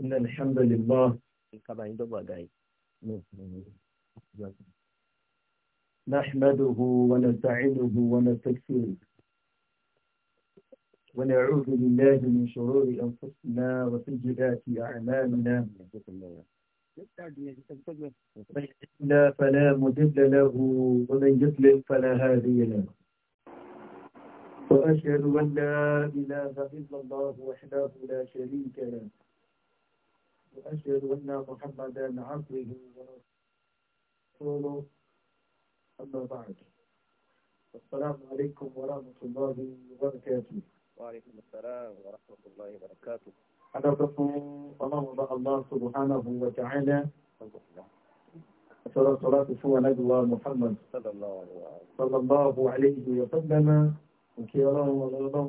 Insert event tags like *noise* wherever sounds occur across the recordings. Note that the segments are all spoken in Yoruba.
إن الحمد لله نحمده ونستعينه ونستغفره ونعوذ بالله من شرور أنفسنا وسيئات أعمالنا من فلا مضل له ومن يضلل فلا هادي له وأشهد أن لا إله إلا الله وحده لا شريك له وأشهد أن محمدا عبده ورسوله أما بعد السلام عليكم ورحمة الله وبركاته وعليكم السلام ورحمة الله وبركاته أنا رسول الله سبحانه وتعالى صلاة الله سوى نبي الله محمد صلى الله عليه وسلم òkè ọlọ́run ọlọ́run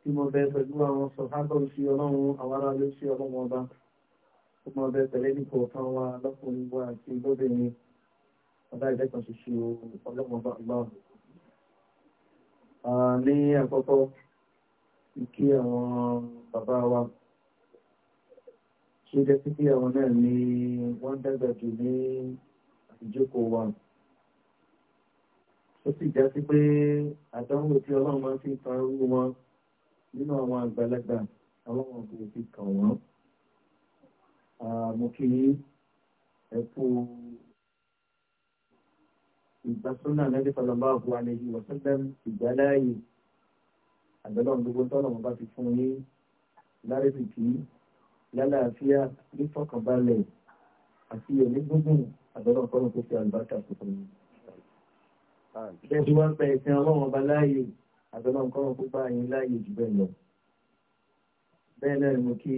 tí mo bẹ pẹ̀lú àwọn sọ̀hábọ̀ sí ọlọ́run àwọn aráalé sí ọlọ́run ọba tó mọ bẹ pẹ̀lẹ́ nípa ọ̀kan wa lọ́kùnrin wa àti lóbìnrin ọ̀dá ìdẹ́kan ṣoṣo ọlọ́run ọba ọlọ́run. ní àkọ́kọ́ kí àwọn bàbá wa ṣe jẹ́ sí kí àwọn náà ni wọ́n dàgbà jù ní ìjókòó wa ó sì já sí pé àdánwò tí ọlọ́run máa fi kan irú wọn nínú àwọn àgbàlagbà ọlọ́run kò fi kàn wọ́n mo kì í ẹ̀kú ìgbàsọ́nà Ànábì sallallahu alayhi wa sallam ìgbàláyè àgbẹ̀lọ́n gbogbo tọ́lọ̀ wọn bá ti fún yín lárẹ́bìkì lálàáfíà nífọ̀kànbalẹ̀ àti ẹ̀mí gbogbo àgbẹ̀lọ́n tọ́lọ̀ tó fi àlùbáṣà tuntun yìí bẹ́ẹ̀ tí wọ́n ń pẹ ẹ̀sìn ọlọ́run ọba láàyè àtọ́lọ́run kọ́run kó bá yín láàyè jù bẹ́ẹ̀ lọ bẹ́ẹ̀ náà mo kí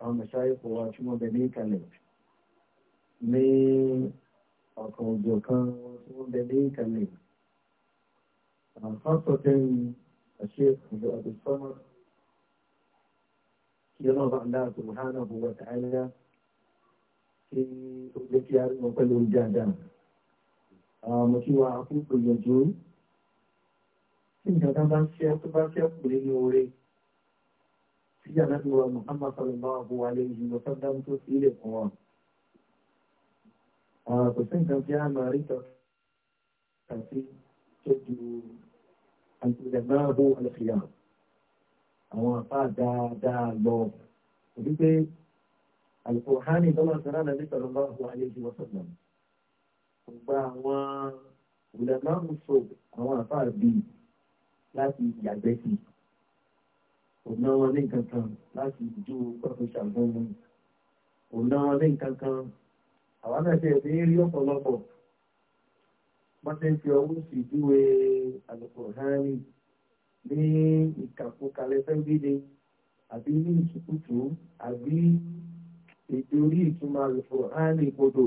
àwọn mẹ̀sáyé kò wá tí wọ́n bẹ ní ìkàlẹ̀ ní ọ̀kan òjò kan tí wọ́n bẹ ní ìkàlẹ̀ àǹfààní tẹ́yìn àṣẹ ìjọ àdìsọ́nà kí ọlọ́run bá ń subhanahu wa ta'ala kí ó jẹ́ kí a rí wọn pẹ̀lú dáadáa mo kí wa kú ìgbìyànjú tí nǹkan kan bá ń ṣe tó ti wà Muhammad sallallahu alaihi wa sallam tó sílẹ̀ fún wa kò sí nǹkan tí a máa rí tọ́ àti tó àwọn àpá dáadáa lọ wípé Al-Qur'ani tọ́lá sọ́lá nàbí sallallahu alaihi wa sallam gba àwọn ìlànàmù so àwọn àfáà bíi láti yàgbẹ́ sí òná wọn ní nǹkan kan láti ju pẹ́fẹ́sà gbọ́nmọ́ òná wọn ní nǹkan kan àwọn náà ṣe fi ń rí ọ̀pọ̀lọpọ̀ wọ́n ti ń fi ọwọ́ sí ìjúwe àlùkò hánì ní ìkàkùkalẹ̀ fẹ́gbẹ́dẹ àbí ní ìtùkùtù àbí ètò orí ìtumọ̀ àlùkò hánì kodò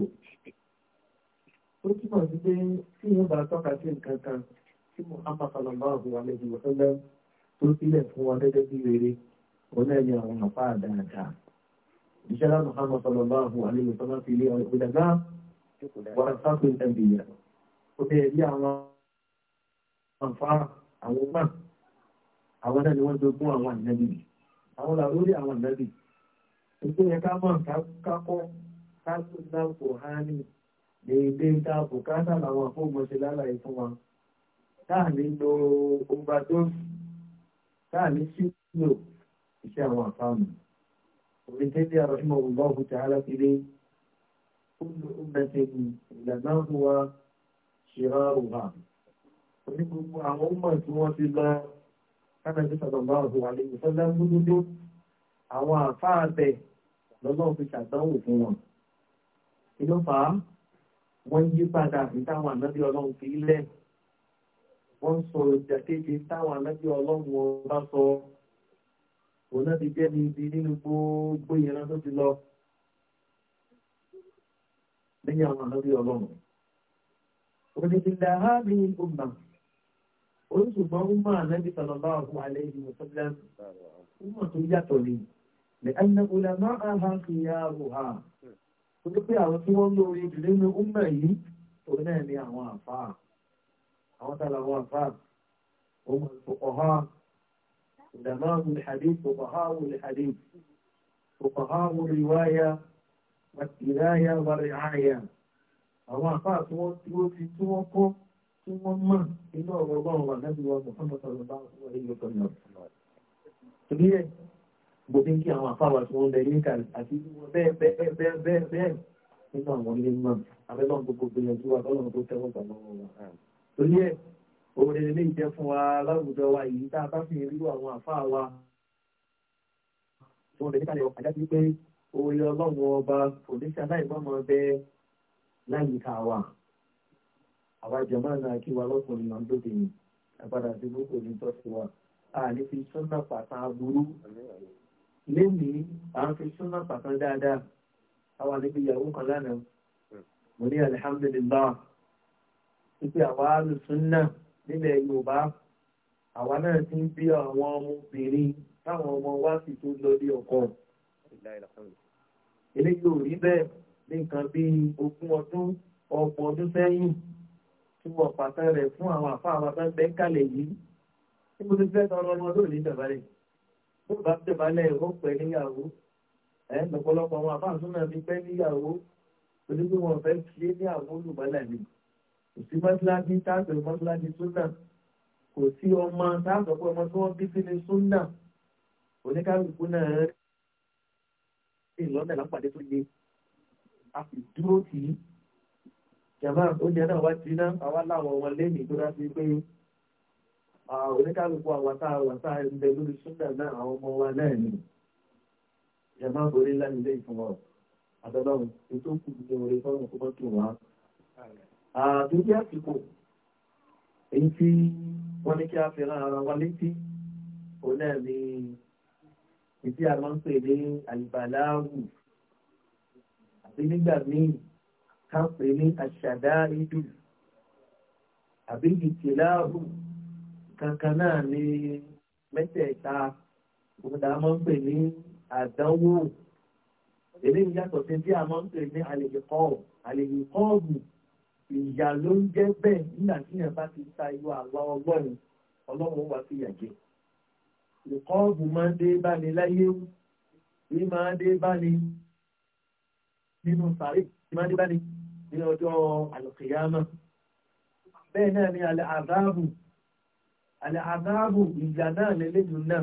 ó túmọ̀ sí pé tí wọ́n bá tọ́ka sí nǹkan kan tí Muhammad sallallahu alayhi wa sallam tó sílẹ̀ fún wa gẹ́gẹ́ bí rere òun náà ni àwọn àpá dáadáa ìṣẹ́lá Muhammad sallallahu alayhi wa sallam fi lé ọ̀dàgbà wà sáfù ìtàbíyà ó bẹ̀rẹ̀ bí àwọn àǹfààrà àwọn ọgbà àwọn náà ni wọ́n jogún àwọn ànábì àwọn làlórí àwọn ànábì ìpínlẹ̀ ká mọ̀ ká kọ́ ká tún náà kò hání dèédé ta bùkátà làwọn àfóògbọ̀nṣe lálàyé fún wa táà ní lo overdose táà ní sílò iṣẹ́ àwọn àfáàmù òfin tẹ́lẹ̀ àrọ́ṣùmọ̀ ọ̀gbọ́n ọ̀hún ti alákìlé kúlù ọ̀gbẹ́sẹ̀kù ìlànà wa ṣìra òhà oní gbogbo àwọn ọmọ tí wọ́n ti lọ kánà sí sọ̀tọ̀gbà ọ̀hún àlejò sọ́dá gbúdúdú àwọn àfáàbẹ̀ lọ́gbọ́n fi ṣàdánwò fún wọn. kí ló wọ́n yí padà sí táwọn ànábì ọlọ́run fi lẹ̀ wọ́n sọ̀rọ̀ ìjàkejì táwọn ànábì ọlọ́run ọba sọ òun náà ti jẹ́ ní ibi nínú gbogbo ìran tó ti lọ lẹ́yìn àwọn ànábì ọlọ́run òdìdìlẹ̀ ààbí ọmọ oríṣùgbọ́n ọmọ ànábì sọ̀lọ́bá ọ̀hún alẹ́ ìlú mọ̀sọ́lẹ́mù ọmọ tó yàtọ̀ ni lẹ́yìn ọlọ́run máa ń ha torí pé àwọn tí wọ́n lórí jù nínú ọmọ yìí tó náà ní àwọn àfáà àwọn tàbí àwọn àfáà ọmọ ìfòkọ̀há ìdàmáàmù ìhàdíf fòkọ̀háwù ìhàdíf fòkọ̀háwù ìwáyà ìláyà wàrìáyà àwọn àfáà tí wọ́n tí ó fi tí wọ́n kọ́ tí wọ́n mọ̀ nínú ọ̀rọ̀ ọgbọ́n wà lábí wọn mọ̀ fún ọ̀sán ọ̀rọ̀ bá wọlé yóò tọ́ gbogbo kí àwọn àfáwà tí wọ́n bẹ ní kàrí àti bẹ́ẹ̀ bẹ́ẹ̀ bẹ́ẹ̀ bẹ́ẹ̀ bẹ́ẹ̀ nínú àwọn ilé mọ́ abẹ́lọ́n gbogbo gbìyànjú wa tọ́lọ́n tó tẹ́wọ́ gbà lọ́wọ́ wa. torí ẹ̀ òun lè jẹ́ fún wa láwùjọ wa yìí tá a bá fi rí àwọn àfáà wa tí wọ́n bẹ ní kàrí ọ̀kadà sí pé orí ọlọ́run ọba oníṣẹ́ aláìmọ́mọ́ bẹ láyìíká wa àwa jẹ̀mọ́ náà kí wa lọ́kùnrin ọ̀dọ́dẹ̀ yìí àgbàdà sí gbogbo ní tọ́sí wa àní fi sọ́nà pàtàkì burú lẹ́nìí à ń fi súnmọ́ pàtàkì dáadáa àwọn àlejò ìyàwó kan lánàá mo ní alihamudulilayi wípé àwa alùsùnà nílẹ̀ yorùbá àwa náà ti ń bí àwọn ọmọbìnrin táwọn ọmọ wa sì tún lọ ní ọkọ eléyìí ò rí bẹ́ẹ̀ ní nǹkan bíi ogún ọdún ọgbọ̀n ọdún sẹ́yìn tí wọ́n pàtàkì rẹ̀ fún àwọn àfa àwọn kálẹ̀ yìí tí mo ti fẹ́ tọrọ ọmọ lónìí bàbá rẹ̀ ó bá tẹ̀bálẹ̀ ó pẹ́ níyàwó ẹ̀ lọ́pọ̀lọpọ̀ àwọn àfáàsùn náà fi pẹ́ níyàwó torí pé wọ́n fẹ́ kí ní àwọn olùbálẹ̀ mi kò sí mọ́síláàdì táàpẹ̀ mọ́síláàdì súnà kò sí ọmọ táàpẹ̀ ọmọ tí wọ́n bí sí ní súnà oníkálukú náà rí lọ́nà lápàdé tó le a sì dúró tì í jàmbá oúnjẹ náà wá jiná àwa láwọn ọmọ lẹ́yìn tó dá sí pé oníkàlùkù àwàtà àwàtà ẹgbẹ́ lórí súnà náà àwọn ọmọ wa náà ni ẹ má borí lánilé ìfún ọ àtọ́lọ́run ètò kù ní orí fọ́nà tó mọ́tò wá. àdúgbò àsìkò èyí tí wọ́n ní kí a fi ara wa létí òun náà ni ìdí àwọn ń pè ní àlìbàláàwù àti nígbà míì ká pè ní àṣàdá ìdù àbí ìtìláàwù kankan náà ní mẹ́tẹ̀ẹ̀ta òkúta máa ń pè ní àdánwò eléyìí yàtọ̀ sí bí a máa ń pè ní àlejò kọ́ọ̀bù àlejò kọ́ọ̀bù ìyà ló ń jẹ́ bẹ́ẹ̀ nígbà tí yẹn bá ti ta irú àwa ọgbọ́n ọlọ́run wà sí ìyàjẹ́ ìkọ́ọ̀bù máa ń dé báni láyé ní máa ń dé báni nínú sàárè ní máa ń dé báni ní ọjọ́ àlùkìyámà bẹ́ẹ̀ náà ni àlẹ́ àdáàbù àlàáfáàbù ìjà náà lélẹ́yìn náà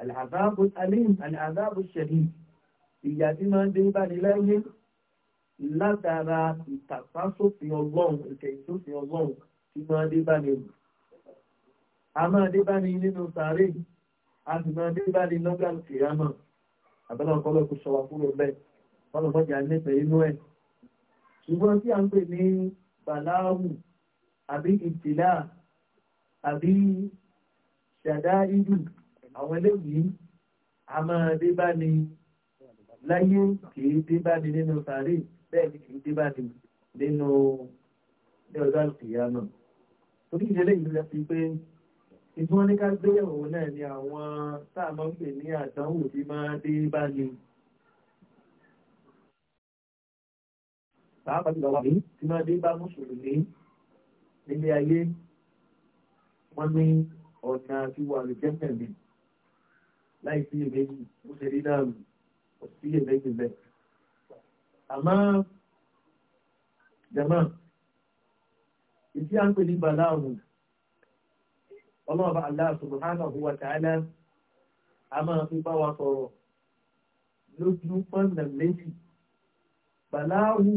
àlàáfáàbù alim àlàáfáàbù ṣẹ̀lì ìyà tí máa ń dé báni láyé látara ìtàpásófin ọlọ́run ìkẹ̀yìntòfin ọlọ́run tí máa dé báni lù. a máa dé báni nínú sàárè a sì máa dé báni lọ́gbà kìrámà àbẹ́lẹ́ ọ̀pọ̀lọ́ kò ṣọwọ́ ní bàláwù àbí ìtìláà àbí ṣàdá ìdù àwọn eléyìí a máa dé bá ní láyé kìí dé bá ní nínú sàárè bẹ́ẹ̀ ni kìí dé bá ní nínú ní ọjọ́ ìyá náà torí ìdílé yìí lọ sí pé ìtú wọn ní ká gbéyàwó náà ni àwọn táà ń pè ní àdánwò tí máa dé bá ní pàápàá jùlọ wà ní tí máa dé bá mùsùlùmí nílé ayé wọ́n ní ọ̀nà àti wà lè jẹ́pẹ̀ mi láì sí èméjì ó ṣe rí náà ó sí èméjì bẹ́ẹ̀. àmọ́ jama ìdí à ń pè ní bàláàmù ọlọ́ọ̀bá Allah subhanahu wa ta'ala a máa fi bá wa sọ̀rọ̀ lójú pọ́nà méjì bàláàmù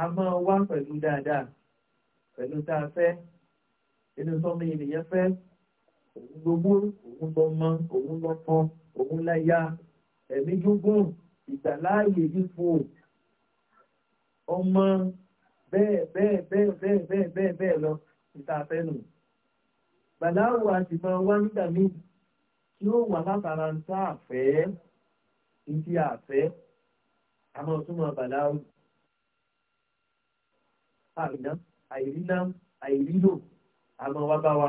a máa wá pẹ̀lú dáadáa pẹ̀lú tá fẹ́ inú sọmọ ènìyàn fẹ́ òun gbogbo òun lọmọ òun lọkọ òun láyà ẹ̀mí gígùn ìgbàláàyè ipò ọmọ bẹ́ẹ̀ bẹ́ẹ̀ bẹ́ẹ̀ bẹ́ẹ̀ bẹ́ẹ̀ bẹ́ẹ̀ bẹ́ẹ̀ lọ ìta fẹ́nu bàláwò àti máa wá nígbà míì tí ó wà látara ń tá àfẹ́ ìdí àfẹ́ àmọ́ túmọ̀ bàláwò àìná àìríná àìrílò àmọ́ wá bá wa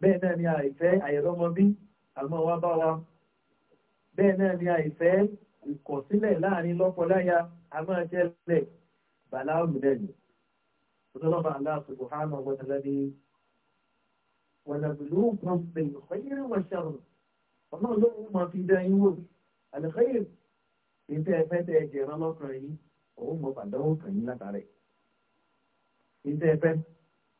bẹ́ẹ̀ náà ni àìfẹ́ àìrọ́mọbí àmọ́ wá bá wa bẹ́ẹ̀ náà ni àìfẹ́ ìkọ̀sílẹ̀ láàrin lọ́pọ̀láyà àmọ́ jẹ́lẹ̀ bàláàmù lẹ́nu ọlọ́ba aláàtúkù hánà wọ́tàlá ní wàlàbùlùkùn bẹ̀rẹ̀ xẹ́yìn wọ́n ṣàrùn ọmọ olóhùn máa fi dá yín wò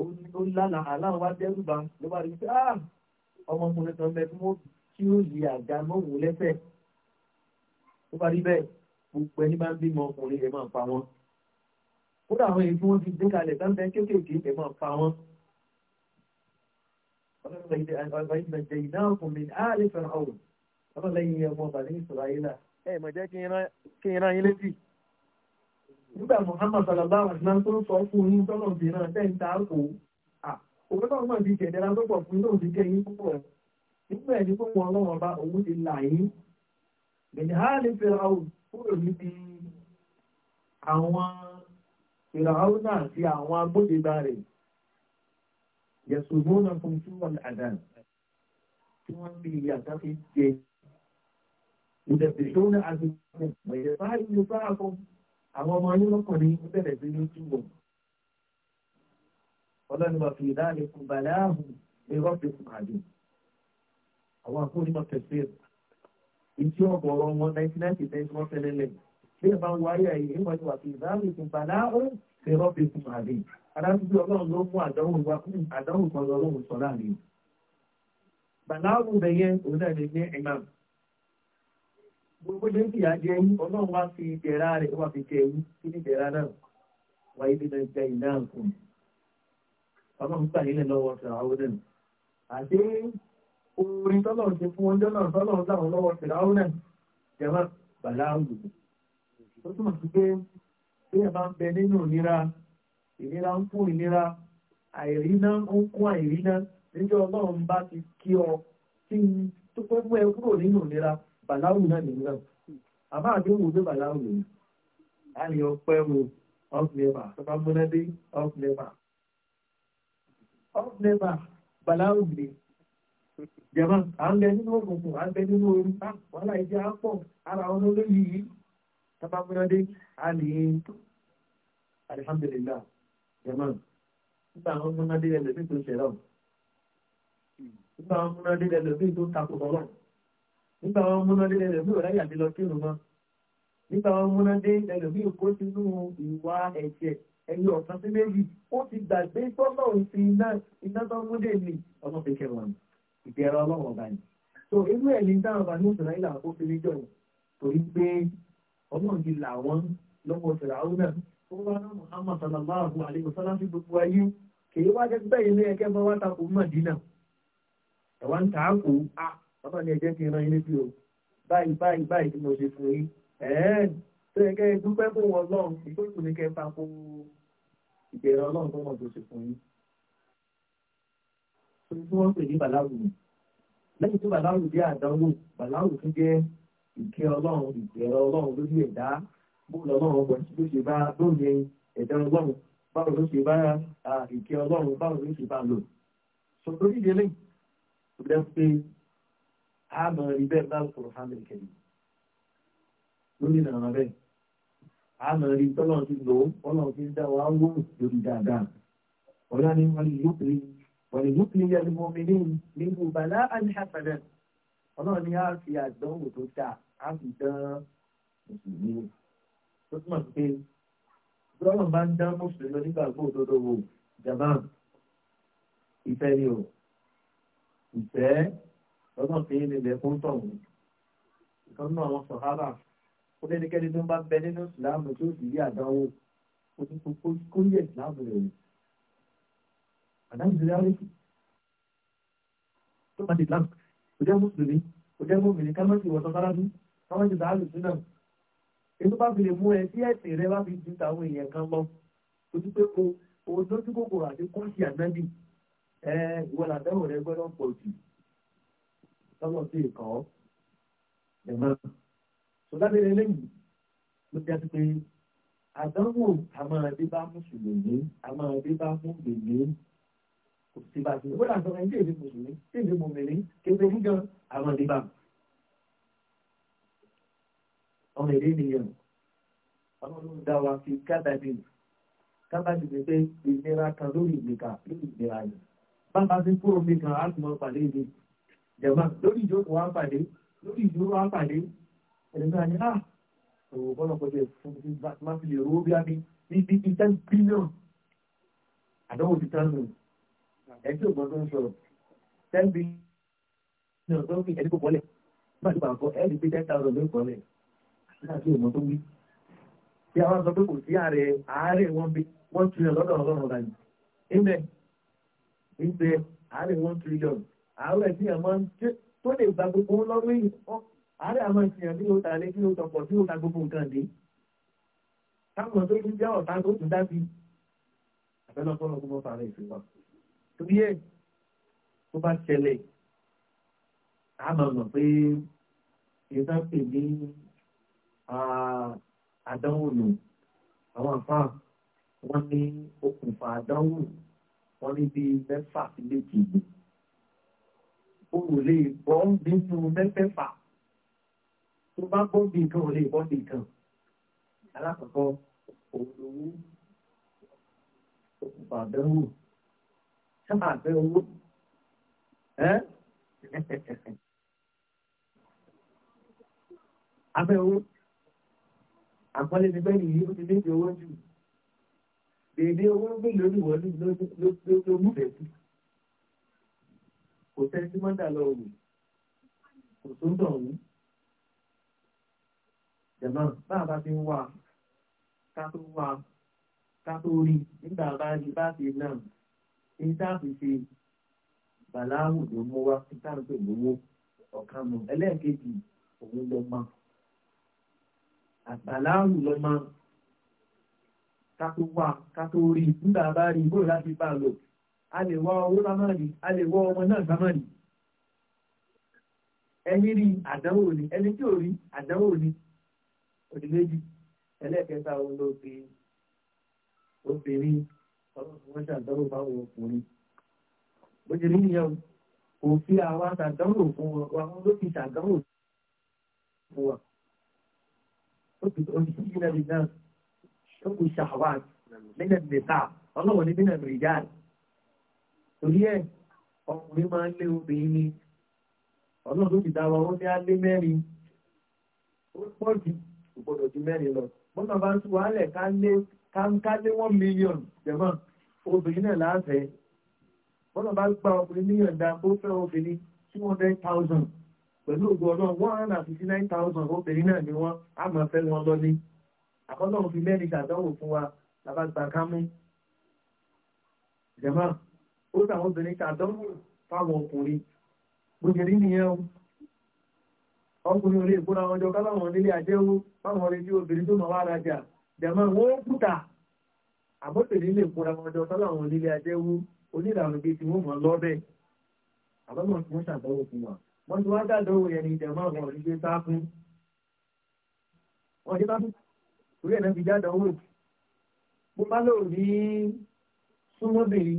ó lánà aláwọ̀ wá dẹ́rùbà ló bá rí pé ah ọmọkùnrin kan bẹ tí wọ́n tí ó yí àga mọ́wò lẹ́sẹ̀ tó bá rí bẹ́ẹ̀ gbogbo ẹni bá ń bímọ ọkùnrin ẹ̀ máa pa wọn kódà àwọn èyí tí wọ́n ti gbé kalẹ̀ sáńtẹ́ kéékèèké ẹ̀ máa pa wọn. ọlọ́run ìdáhùnkùnrin ààrẹ fẹ́ràn ọ̀rùn ọlọ́run lẹ́yìn ọmọ bàdé ìsọ̀rọ̀ ayé náà. ẹ mọ̀ jẹ́ kí n rán yín létí nígbà Muhammad sallallahu alaihi wasallam tó ń sọ fún yín tọ́nà bí náà tẹ́ ń taako òun náà mọ̀ bí kẹ̀dẹ́ra tó pọ̀ fún yóò fi jẹ́ yín púpọ̀ nígbà ẹni tó wọn lọ́wọ́ bá òun ti là yín bẹ̀ni ha lè fẹ́ra ò kúrò níbi àwọn ìràwọ̀ náà àti àwọn agbódegbà rẹ̀ yẹ̀sùn mọ́nà fún tí wọ́n àdá tí wọ́n fi ìyàtọ̀ fi jẹ ìdẹ̀bẹ̀ṣọ́ náà àti ìgbẹ̀yẹ̀ báyìí ní bá àwọn ọmọ yín lọ́kùnrin ń bẹ̀rẹ̀ sí ní túbọ̀ ọlọ́run wà fi ìdáàlẹ̀ kù bàlẹ́ ààbò ní rọ́ọ̀fì kù àjò àwọn akórímọ̀ tẹ̀síẹ̀ ìtí ọ̀gọ̀ọ̀rọ̀ wọn ninety nine percent wọ́n fẹ́lẹ́ lẹ̀ bí ẹ bá ń wáyé àyè ìwọ̀n ni wà fi ìdáàlẹ̀ kù bàlẹ́ ààbò ní rọ́ọ̀fì kù àjò adájúbí ọlọ́run ló mú àdánwò wá fún àdánwò kan lọ́rùn sọ láàrin bàlẹ́ ààbò bẹ̀yẹn òun náà lè ní ẹ̀gbàmù gbogbo ṣe ń fìyà jẹ yín ọlọ́run wá fi ìdẹ̀ra rẹ̀ wá fi jẹ yín kí ní ìdẹ̀ra náà wà ibi náà jẹ ìdá nǹkan ọlọ́run gbà nílẹ̀ lọ́wọ́ fìràwọ́ náà àti orin tọ́lọ́run ti fún ọjọ́ náà tọ́lọ́run láwọn lọ́wọ́ fìràwọ́ náà jẹ́wọ́ bàlá ògùn tó túmọ̀ sí pé bí ẹ bá ń bẹ nínú ìnira ìnira ń kún ìnira àìríná ń kún àìríná níjọ́ ọlọ́run bá ti kí ọ kí n tó pẹ́ mú ẹ kúrò nínú ìnira bàláwù náà nìyí náà àbá àdéhùn ní bàláwù yìí ayọ̀ pẹ́ wo off labour tó bá múná dé off labour off labour bàláwù yìí jẹ̀mọ́ à ń bẹ nínú òkùnkùn à ń bẹ nínú orí wàhálà ìdí àpọ̀ ara wọn lórí yìí tó bá a lè alihamdulilayi jẹ̀mọ́ nígbà àwọn múná ẹlẹ́bí tó ṣẹlẹ̀ nígbà àwọn múná ẹlẹ́bí tó takò nígbà wọn múná dé ẹlòmí ò ráyà lè lọ kírun mọ́ nígbà wọn múná dé ẹlòmí ò kó sínú ìwà ẹ̀jẹ̀ ẹ̀yìn ọ̀sán sí méjì ó ti gbàgbé tọ́lọ̀ òfin iná iná tó mú dé ọmọ fi kẹwàá ni ìbẹ̀rẹ̀ ọlọ́run ọba ni so inú ẹ̀ ní táwọn ọba ní ìsìnlẹ̀ ìlà ó fi níjọ ni torí pé ọlọ́run ti là wọ́n lọ́wọ́ ìsìnlẹ̀ àwọn náà ó wá náà muhammad sallallahu alayhi wa sallam fi gbogbo ayé kì í wá jẹ́ bẹ́ẹ̀ bàbá ni ẹ̀jẹ̀ kí ran yín létí o báyìí báyìí báyìí tí mo ṣe fún yín ẹ̀ẹ́n tó yẹ kẹ́ ẹ dúpẹ́ fún wọn lọ́run ìgbésù ní kẹ́ ẹ fa kó ìbẹ̀rẹ̀ ọlọ́run tó wọn tó ṣe fún yín. tó tí wọ́n pè ní bàláwù lẹ́yìn tó bàláwù jẹ́ àdánwò bàláwù tún jẹ́ ìkẹ́ ọlọ́run ìbẹ̀rẹ̀ ọlọ́run lórí ẹ̀dá bóòlù ọlọ́run ọgbọ̀n tó ṣe bá lóde ẹ̀dá ọlọ́run báwo ló ṣe bá àmọ́ ibẹ̀ bá sọ̀rọ̀ hàmìlì kẹ́lì lórí ìlànà rẹ̀ àmọ́ rí tọ́lọ̀ ti lò ó ọlọ́ fi dá wa wó lórí dáadáa ọ̀la ni wọ́n lè yóò pè wọ́n lè yóò pè yẹ lọ́mọ mi ní nínú bàlá àníhàfẹ́lẹ́ ọlọ́run ni a fi àdánwò tó dáa a fi dán mùsùlùmí tó túmọ̀ sí pé lọ́rùn bá ń dán mùsùlùmí onígbàgbọ́ òdodo wò jàmbá ìfẹ́ ni o ìfẹ́ lọ́dún fi yín lè fún tọ̀hún ìkan náà wọn sọ hábà ó lé nìkẹ́ni tó ń bá bẹ nínú ìsìláàmù tó sì rí àdánwò ó ti kó kórìí ìsìláàmù rẹ̀ àdáhùn ìsìláàmù rẹ̀ tó bá ti ìsìláàmù kò jẹ́ mùsùlùmí kò jẹ́ mùmìnì ká má sì wọ̀sán sára bí ká má sì dáhà lù sínú ètò bá fi lè mú ẹ tí ẹ̀sìn rẹ bá fi ju tàwọn èèyàn kan lọ ojú pé o òun lójú kòkòrò àti kọ́ọ̀sì àgbẹ́bí ẹ ìwọ làbẹ́wò rẹ gbọ́dọ̀ pọ̀ jù tọ́lọ̀ sí ìkọ́ ẹ̀mọ́. sọ̀dáde eléyìí ló jẹ́ pé àdánwò àmọ́ràn bá mùsùlùmí àmọ́ràn bá mùgbèmí kò sí bá ti wọ́n àtọ́ ẹni tí èdè mùsùlùmí tí èdè mùmìnrin kéde gígan àmọ́ràn bá. ọmọ èdè nìyẹn ọlọ́run dá wa fi kádàbí kábàdì pé pé ìnira kan lórí ìgbìkà lórí ìgbìkà yìí bá bá ti kúrò mi kan á ti mọ pàdé ìdí jẹ̀mọ́ lórí ìjókòó wá ń pàdé lórí ìdúró wá ń pàdé ẹ̀lẹ́gbẹ́ ni ah òwò bọ́lọ̀pọ̀jẹ̀ fún ti máa fi lè rówó bí ábí ní bí i billion àdánwò ti tán nù ẹ̀jẹ̀ ògbọ́n tó ń sọ̀rọ̀ billion tó ń fi ẹ̀dí kò bọ́lẹ̀ nígbà tó bá ń kọ́ ẹ̀ẹ́dì pé ten thousand ló ń kọ́lẹ̀ nígbà tí ògbọ́n tó wí. bí a one trillion lọ́dọ̀ ọlọ́run ọ̀gá yìí ń bẹ one trillion àárọ̀ ẹ̀sìn ẹ̀ máa ń tó lè gba gbogbo wọn lọ́rùn èyí àárẹ̀ àmọ́ ìsìnyàn bí ó ta lé kí ó tọpọ̀ tí ó ta gbogbo nǹkan dé táwọn tó tún jẹ́ ọ̀tá tó tún dábì àbẹ́lọ́ fọ́nà gbogbo fàárẹ̀ ìsìn wa torí ẹ̀ tó bá ṣẹlẹ̀ a máa mọ̀ pé ìyẹn pè ní àdánwò nù àwọn àfáà wọ́n ní okùnfà àdánwò wọ́n ní bíi mẹ́fà sí méjì gbòó o lè bọ́ ń bínú mẹ́fẹ̀fà tó bá bọ́ bí nǹkan ò bọ́ bí nǹkan alákọ̀ọ́kọ́ òwúrò òkùnfà àbẹ̀wò sábà àbẹ̀wò abẹ́wò àpọ́lé ní bẹ́ẹ̀ ó ti lé owó jù dèdè owó gbé lórí wọlé ló múfẹ̀ẹ́ sí kò tẹ́tí mọ́dà lọ wò kò tó ń dọ̀wú jẹ̀mọ́ báà bá ti ń wà ká tó wà ká tó rí nígbà bá rí bá ti náà ní táàbù ṣe bàláhù ló mú wá sí táàbù lówó ọ̀kanù ẹlẹ́ẹ̀kejì òun lọ mọ́ àgbàláhù lọ mọ́ ká tó wà ká tó rí nígbà bá rí bóyá láti bá lò a lè wá owó lámàrí a lè wá ọmọ náà sámàrí ẹni rí àdánwò ni ẹni tí ò rí àdánwò ni òdì méjì ẹlẹ́ẹ̀kẹta òun ló fi obìnrin ọlọ́run ṣàdánwò báwọn ọkùnrin bó ti rí nìyẹn kò fi àwa ṣàdánwò fún wa wọn ló fi ṣàdánwò fún wa ó ti sí ilẹ̀ ìdáhùn ó kù ṣàwáàtì nínú ìta ọlọ́wọ́ ní nínú ìjáàdì torí ẹ̀ ọkùnrin máa ń lé obìnrin ni ọlọ́run ló ti dá wa ó ní á lé mẹ́rin ó pọ̀ jù kò gbọ́dọ̀ ju mẹ́rin lọ bọ́nà bá ń tú wàhálẹ̀ ká lé ká lé one million jẹ̀mọ́ obìnrin náà láàfẹ́ bọ́nà bá gba obìnrin million dá bó fẹ́ obìnrin two hundred thousand pẹ̀lú ògùn ọlọ́run one hundred and fifty nine thousand obìnrin náà ni wọ́n á máa fẹ́ wọn lọ ní àkọ́lọ́run fi mẹ́rin ṣàdánwò fún wa lábá gba kámú jẹ̀mọ́ ó sàwọn obìnrin ṣàdánwò fáwọn ọkùnrin gbogbo rí nìyẹn o ọkùnrin orí ìgbóná wọn jọ káláwọn nílé àjẹwò fáwọn orí tí obìnrin tó máa wá rajà jẹmọ wọn ó kúta àbọ̀tẹ̀lẹ̀ ilé ìgbóná wọn jọ káláwọn nílé àjẹwò onílànà bíi tí wọ́n mọ̀ lọ́bẹ̀ àbámọ̀ tí wọ́n ṣàdánwò fún wa wọ́n ti wá dàdánwò yẹn ní jẹmọ àwọn òṣìṣẹ́ sá fún wọn ṣe bá fún torí ẹ̀ náà fi jáde owó mo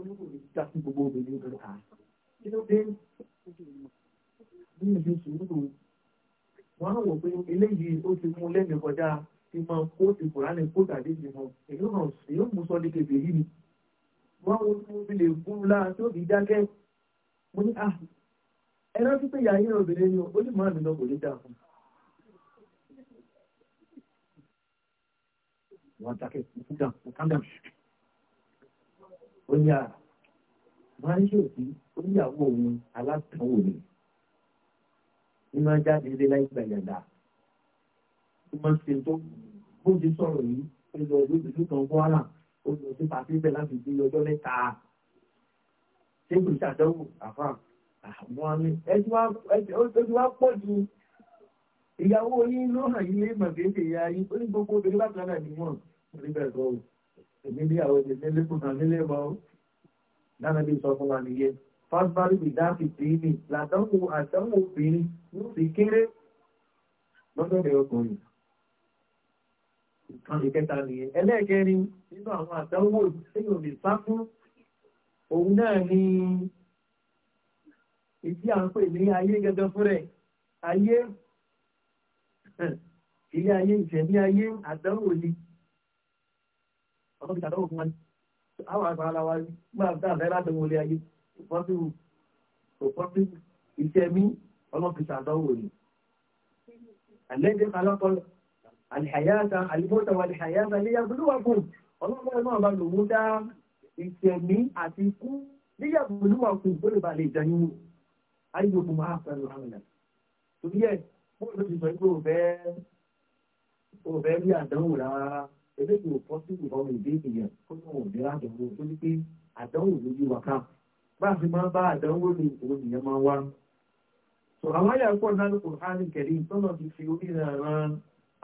olóòwò lè dá fún gbogbo obìnrin ló ta kí ló dé bí ibi sùúrù wọn á wò pé eléyìí ó ti mú lẹ́mìí kọjá ti máa kó ti kùránì kó tàbí ti mọ èyí hàn èyí mú sọ ní kébè yìí ni wọn wo tí mo fi lè gún lára tí ó fi dákẹ́ mo ní à ẹ rántí pé yàrá yẹn obìnrin ni ó lè máa mi lọ kò ní dà fún un. wọn dákẹ́ kúkú dà kúkú dà ó ní à máa ń ṣòfì ó níyàwó òun alátàwò ni ní máa jáde ilé láì gbàyàdà ó máa ń ṣe tó bó ti sọ̀rọ̀ yìí ó lọ lóbìlú kan kwara ó lọ sí pàṣípẹ̀ láti fi ọjọ́ mẹ́ta ṣé kò ṣàdánwò àfà àwọn àmì ẹjú wá pọ̀ ju ìyàwó yín ló hàn yín lé mọ̀ kéèké ya yín ó ní gbogbo obìnrin bá kan náà ní wọ́n rí bẹ́ẹ̀ sọ́wọ́ èmi bí àwọn ènìyàn lẹ́kùn náà nílé mọ́ dáná bí sọ fún wa nìyẹn fásitì bí dáàbì tí ní làdánwò àdánwò obìnrin ló fi kéré lọ́dọ̀ rẹ̀ ọkùnrin ìkan ìkẹta nìyẹn ẹlẹ́ẹ̀kẹrin nínú àwọn àdánwò tí ni ìdí à ń pè ní ayé gẹ́gẹ́ fún rẹ̀ ayé ilé ayé ìṣẹ̀mí ayé àdánwò ni ọmọ fi tàdánwò fún wa àwọn àgbà ara wa gbà dá àbẹ́ láti wọlé ayé ìfọ́síwù ìfọ́síwù iṣẹ́ mi ọmọ fi tàdánwò ni. àlẹ́jẹ́ kalọ́kọ́ àlìhàyáta àlìmọ́ta wà àlìhàyáta ní yàgbọ́lúwàkùn ọlọ́pàá náà bá lòun dá ìṣẹ̀mí àti ikú ní yàgbọ́lúwàkùn tó lè balẹ̀ ìjọyún ayélujára máa fẹ́ lọ́wọ́ àwọn ìlànà. torí ẹ̀ bóyá ti sọ pé òfẹ́ òfẹ́ rí àdánwò rárá eléyìí ò pọ́sibù ọmọ ìdí ènìyàn kó tó wọn ní àdánwò tó ní pé àdánwò ló yí wa ká bá a fi máa bá àdánwò ní òun nìyẹn máa wá. sọ àwọn àyà pọ̀ nínú kùránì kẹ̀lé tọ́nà ti fi oníran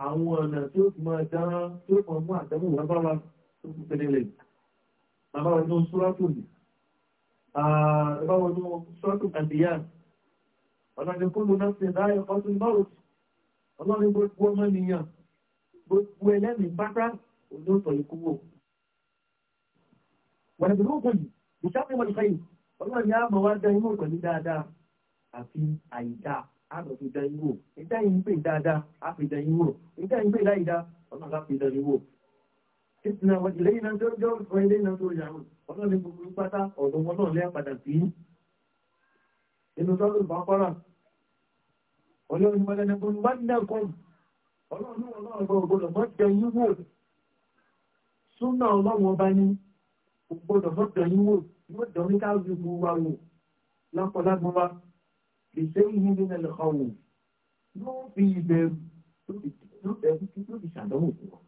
àwọn ọ̀nà tí ó fi máa dán tí ó kàn mú àdánwò wá bá wa tó fi tẹ́lẹ̀ lẹ̀. bàbá wọn ní sọ́ọ́tù ni bàbá wọn ní sọ́ọ́tù àdìyà ọ̀nà ìdíkùn lónà ti dáyọ̀ ọdún márùn-ún ọlọ́run gbogbo ọmọ nìyàn gbogbo ẹlẹ́mìí pátá olóòtọ̀ ikú wò. wọ̀nà bí lóògùn yìí ìṣàkóso wọn ìfẹ́ yìí ọlọ́run ní àmọ́ wá dá inú pẹ̀lú dáadáa àfi àyíká àgbà fi dá inú wò ìdá yìí ń pè dáadáa á fi dá inú wò ìdá yìí ń pè láyìídá ọlọ́run á fi dá inú wò. títúnà wọn ìlẹ́yìn náà tó jọ fún ilé náà tó yà wọn ọlọ́run gbogbo pátá ọ̀dọ̀ wọn náà lẹ́ padà sí. inú sọ́dún bá kọ́ra ọlọ́run mọ́lẹ́ni ọlọ́run ọlọ́run gbọ́dọ̀ mọ́ jẹ yín wò súnà ọlọ́run ọba ní gbọ́dọ̀ mọ́ jẹ yín wò yóò dán ní káàbí gbogbo wa wò lápọ̀lágbọ́n wa lè ṣe yí ní ẹlẹ́ ọ̀wọ̀ yóò fi ìbẹ̀rù tó fi ṣàdánwò fún wa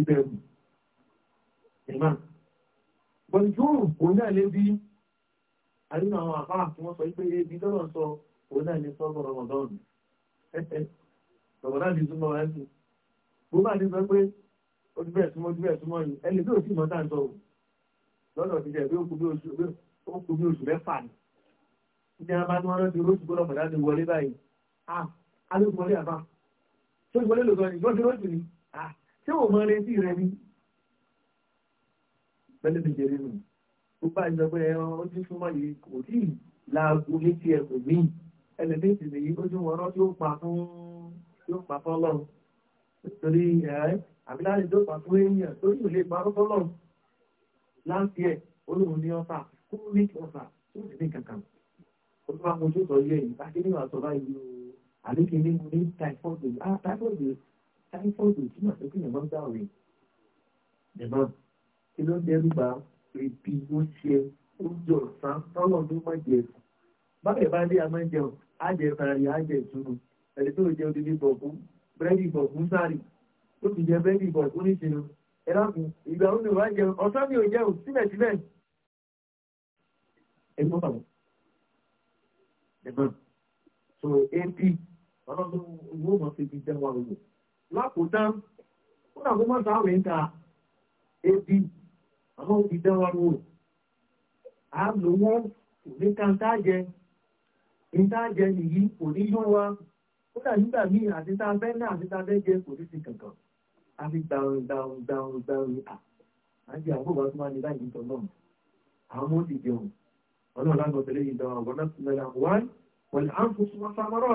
ìbẹ̀rù ìmá bọ̀dù tó rò òun náà lé bí àdínà àwọn àbá àti wọn sọ pé ebi lọ́rọ̀ sọ òun náà lè sọ ọmọ rọmọdọ́ọ̀nù *laughs* ọ̀rọ̀ láti túmọ̀ rẹ̀ sí bá ti sọ pé ó ti bẹ̀rẹ̀ súnmọ́ ti ẹni bí ò sí mọ́tà ń sọ o ti jẹ́ pé ó kú bí oṣù mẹ́fà ni ní a bá ní wọ́n rántí olóṣù gbọ́dọ̀ mọ̀dá ti wọlé báyìí ah alóògbọ́lé àbá tó ìwọlé lòtọ́ ni gbọ́dọ̀ lóṣù ni ah tí wọ́n mọ retí rẹ ni. bẹ́lẹ̀ mi jẹ́rìí nù ó bá ìjọ pé ẹran ó ti súnmọ́ yìí kò tí ì la agbo létí ẹ̀kọ́ míì ẹlẹ́dẹ́sì nìyí ó tún wọn rántí ó pa fún yóò pa fọ́lọ́ torí ẹ̀ àbíláàrí tó pa fún èèyàn torí ò lè pa fọ́lọ́ láti ẹ̀ olóhùn ní ọ̀fà fún wíkì ọ̀fà tó sì ní kankan ó bá mo tó sọ yé èyí e, láti ní wàásù báyìí o àlékè ní mo ní táìfọ́ọ̀dù ah táìfọ́ọ̀dù táìfọ́ọ̀dù túmọ̀ sí pé ìyàmọ́ ń dá òwe ìyàmọ́ kí ló dẹrù bá ibi ó ṣe oúnjẹ ọ̀sán tọ́lọ̀ ló má jẹ bábẹ̀ bá dé a jẹun á jẹ fàràyà á jẹ ìtúnu ẹ̀rí tó jẹ́ odidi bọ̀ fún búrẹ́dì bọ̀ fún sáré ó ti jẹ búrẹ́dì bọ̀ fún níṣìnú ẹ̀rọ̀kùn ìgbà oúnjẹ wá jẹun ọ̀sán mi ò jẹun síbẹ̀síbẹ̀ ẹ̀rí mọ́ta mọ́ ẹ̀gbọ́n so ap ọlọ́dún owó mọ̀ fi fi jẹun àwọn òwò lákòótán ó nà kó mọ́ sáwẹ̀ ń ta ap àwọn òbí jẹun àwọn òwò à ń lò wọ́n kò ní ká ń tá jẹ ń tá jẹ nìyí kò ní yún wa ó kà nígbà míì àti tá a fẹ́ náà àti tá a fẹ́ jẹ́ kò ní sí kankan a fi gbarun gbarun gbarun gbarun à àti àwọn òbá tó máa ní láì nítorí náà àwọn ọmọ ti jẹun ọlọ́run láti ọ̀tẹ̀lẹ́ yìí dáwọn ọ̀gbọ́n náà lọ́la wọ́n pẹ̀lú àǹfọ̀ súnmọ́ samọ́rọ́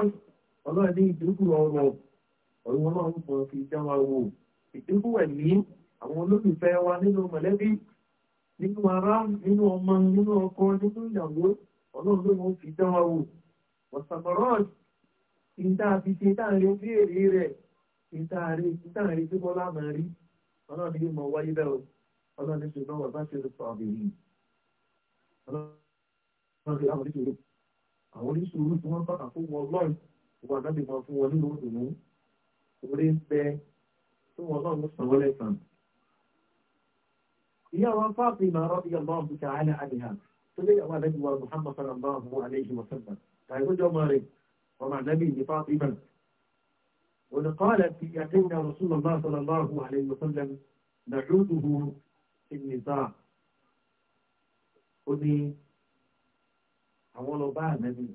ọlọ́run ní ìdínkù ọrọ̀ ọ̀rọ̀ ọlọ́run mọ̀ fi já wa wò ìdínkù ẹ̀mí àwọn olólùfẹ́ wa nínú mọ̀lẹ́bí nínú ara nínú ọmọ nínú ọkọ nínú ìyàwó ọlọ́run ló mọ̀ fi já wa wò ọ̀sàmọ̀rọ̀ ọ̀sàmọ̀rọ̀ ìta àfìṣe táàrin ojú èrè rẹ̀ ìtaàrin tí bọ́lá máa rí ọlọ́run ní mọ̀ wáyé bẹ́ẹ̀ o ọlọ́run ní ṣùgbọ́n wà bá ṣe lè pa ọ̀bẹ̀ yìí ọlọ́run ní àwọn oníṣòro àwọn oníṣòro tí wọ́n bá fún wọn lọ́rùn ìwà náà lè máa fún wọn nínú òdùnú orí ń bẹ tí wọn náà ló sàn wọlé kan. ìyá wa fáàfin máa rọ́ ìyá máa bùkà àlẹ́ tó lé àwọn àlejò wa muhammad alayhi wa sallam tàbí tó jọ máa rẹ̀ ومع نبي فاطمة وقالت يقين رسول الله صلى الله عليه وسلم نعوده في النساء ó ní àwọn lọ bá ànábì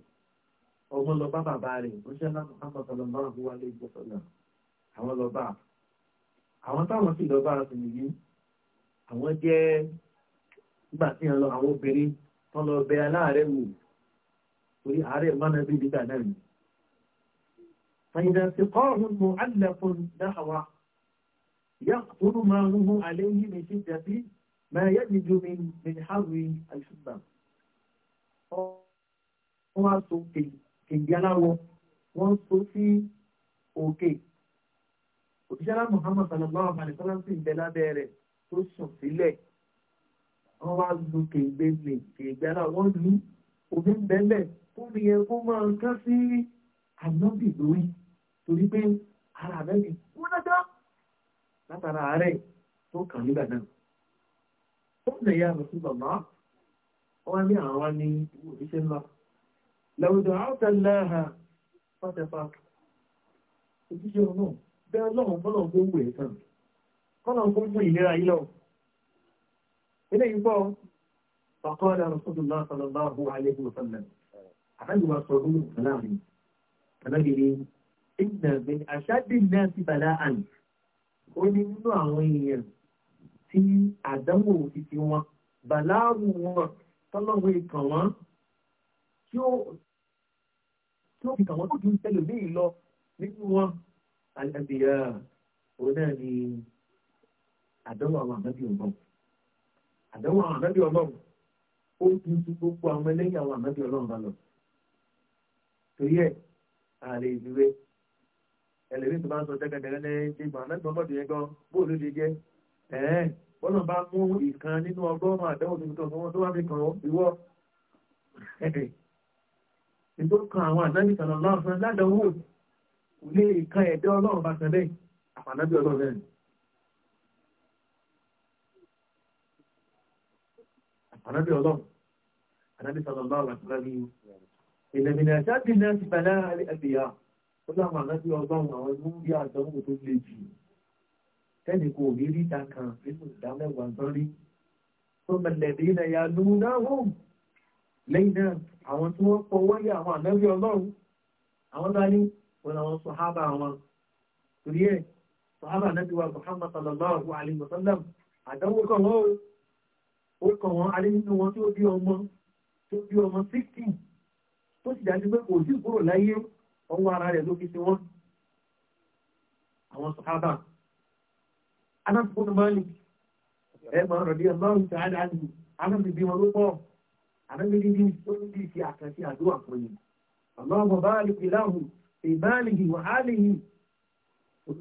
ọmọ lọ bá bàbá rẹ̀ ó ṣe ńlá Muhammad sallallahu alaihi wa alaihi wa sallam àwọn lọ bá àwọn táwọn sì lọ bá sì nìyí àwọn jẹ́ nígbà tí wọn lọ àwọn obìnrin wọn lọ bẹ aláàárẹ̀ wò torí àárẹ̀ mánà bíbí gbà náà nìyí. فإذا سقاه معلق نحوه ما هو عليه من شدة ما يلج من من حر الحمام wọ́n so kèǹdé aláwọ̀ wọ́n so sí òkè òṣìṣẹ́lá muhammad sallallahu alaihi wasallam sì ń bẹ lábẹ́ tó sùn sílẹ̀ wọ́n wá lu kèǹdé lè kèǹdé aláwọ̀ wọ́n lu omi ń bẹ́lẹ̀ fún mi kó máa ń ká sí ànábì lórí torí pé ara rẹ̀ ni wọ́n dájọ́ látara ààrẹ tó kàn nígbà náà ó lè yá lọ sí bàbá wọn ní àwọn ní ìwò iṣẹ́ ńlá lẹ́wọ̀dọ̀ àwọ̀tẹ́lẹ́hà pátẹ́fà ojúṣe ọ̀nà bẹ́ẹ̀ lọ́wọ́ bọ́lọ̀ tó wù ẹ̀ tán kọ́nà kó fún ìlera yìí lọ ilé ìgbọ́ fàkọ́lá rasulullah sallallahu alaihi wa sallam àtàgbà sọ̀rọ̀ láàrin alágbèrè ìnà min àṣádì náà ti bàdá àn ó ní nínú àwọn èèyàn tí àdánwò títí wọn bàláàrù wọn tọ́lọ́wọ́ ìkàn wọn tí ó tí ó fi kàn wọn tó ju ẹlòmíì lọ nínú wọn alábìyà òun náà ni àdánwò àwọn àbábí ọgbọ́n àdánwò àwọn àbábí ọlọ́run ó ju ju gbogbo àwọn ẹlẹ́yìn àwọn àbábí ọlọ́run bá lọ torí ẹ̀ àlè ìdúró ẹlẹ́rìí tó bá ń sọ jẹ́gẹ́dẹ́gẹ́ ní ìgbà náà gbọ́mọ̀dé yẹn gan bó ló ṣe jẹ́ ẹ̀ẹ́n bọ́lá bá mú ìkan nínú ọgọ́rùn-ún àdánwò tuntun fún wọn tó wá fi kàn ìwọ nítorí kan àwọn àdáni kan lọ́wọ́ fún ládàáwò lé ìkan ẹ̀dẹ́ ọlọ́run bá tẹ̀lé àfànàbí ọlọ́run rẹ̀ àfànàbí ọlọ́run àdáni sọ̀rọ̀ lọ́wọ́ àti lọ́wọ́ ilẹ̀ mìíràn ṣáàbì ó sáwọn àrántí ọgbọ́n àwọn ẹgbẹ́ ń bí àdánwò tó le jù tẹ́nì kò rí rí ìdá kan nínú ìdá mẹ́wàá tán rí tó mẹlẹ̀dé ilẹ̀ ya lóhun náà hùn lẹ́yìn náà àwọn tí wọ́n pọ̀ wáyé àwọn ànábì ọlọ́run àwọn dání wọn làwọn sọ̀hábà wọn torí ẹ̀ sọ̀hábà náà ti wà Muhammad sallallahu alayhi wa sallam àdánwò kan wọ́n ó kàn wọ́n alẹ́ nínú wọn tí ó bí ọmọ tó bí ọmọ 16 tó sì dájú pé kò sí kúrò láyé ọwọ́ ara rẹ̀ ló fi sí wọ́n àwọn sọ̀hábà anáfíkún máa ní ẹ̀ ọlọ́run a dá ní anáfí bí wọn ló pọ̀ anáfí dídí tó ń bí ṣe àkànṣe àdúrà fún yìí ọlọ́run bàbá àlùkìláhùn fi báàlì yìí wà á lè yìí fún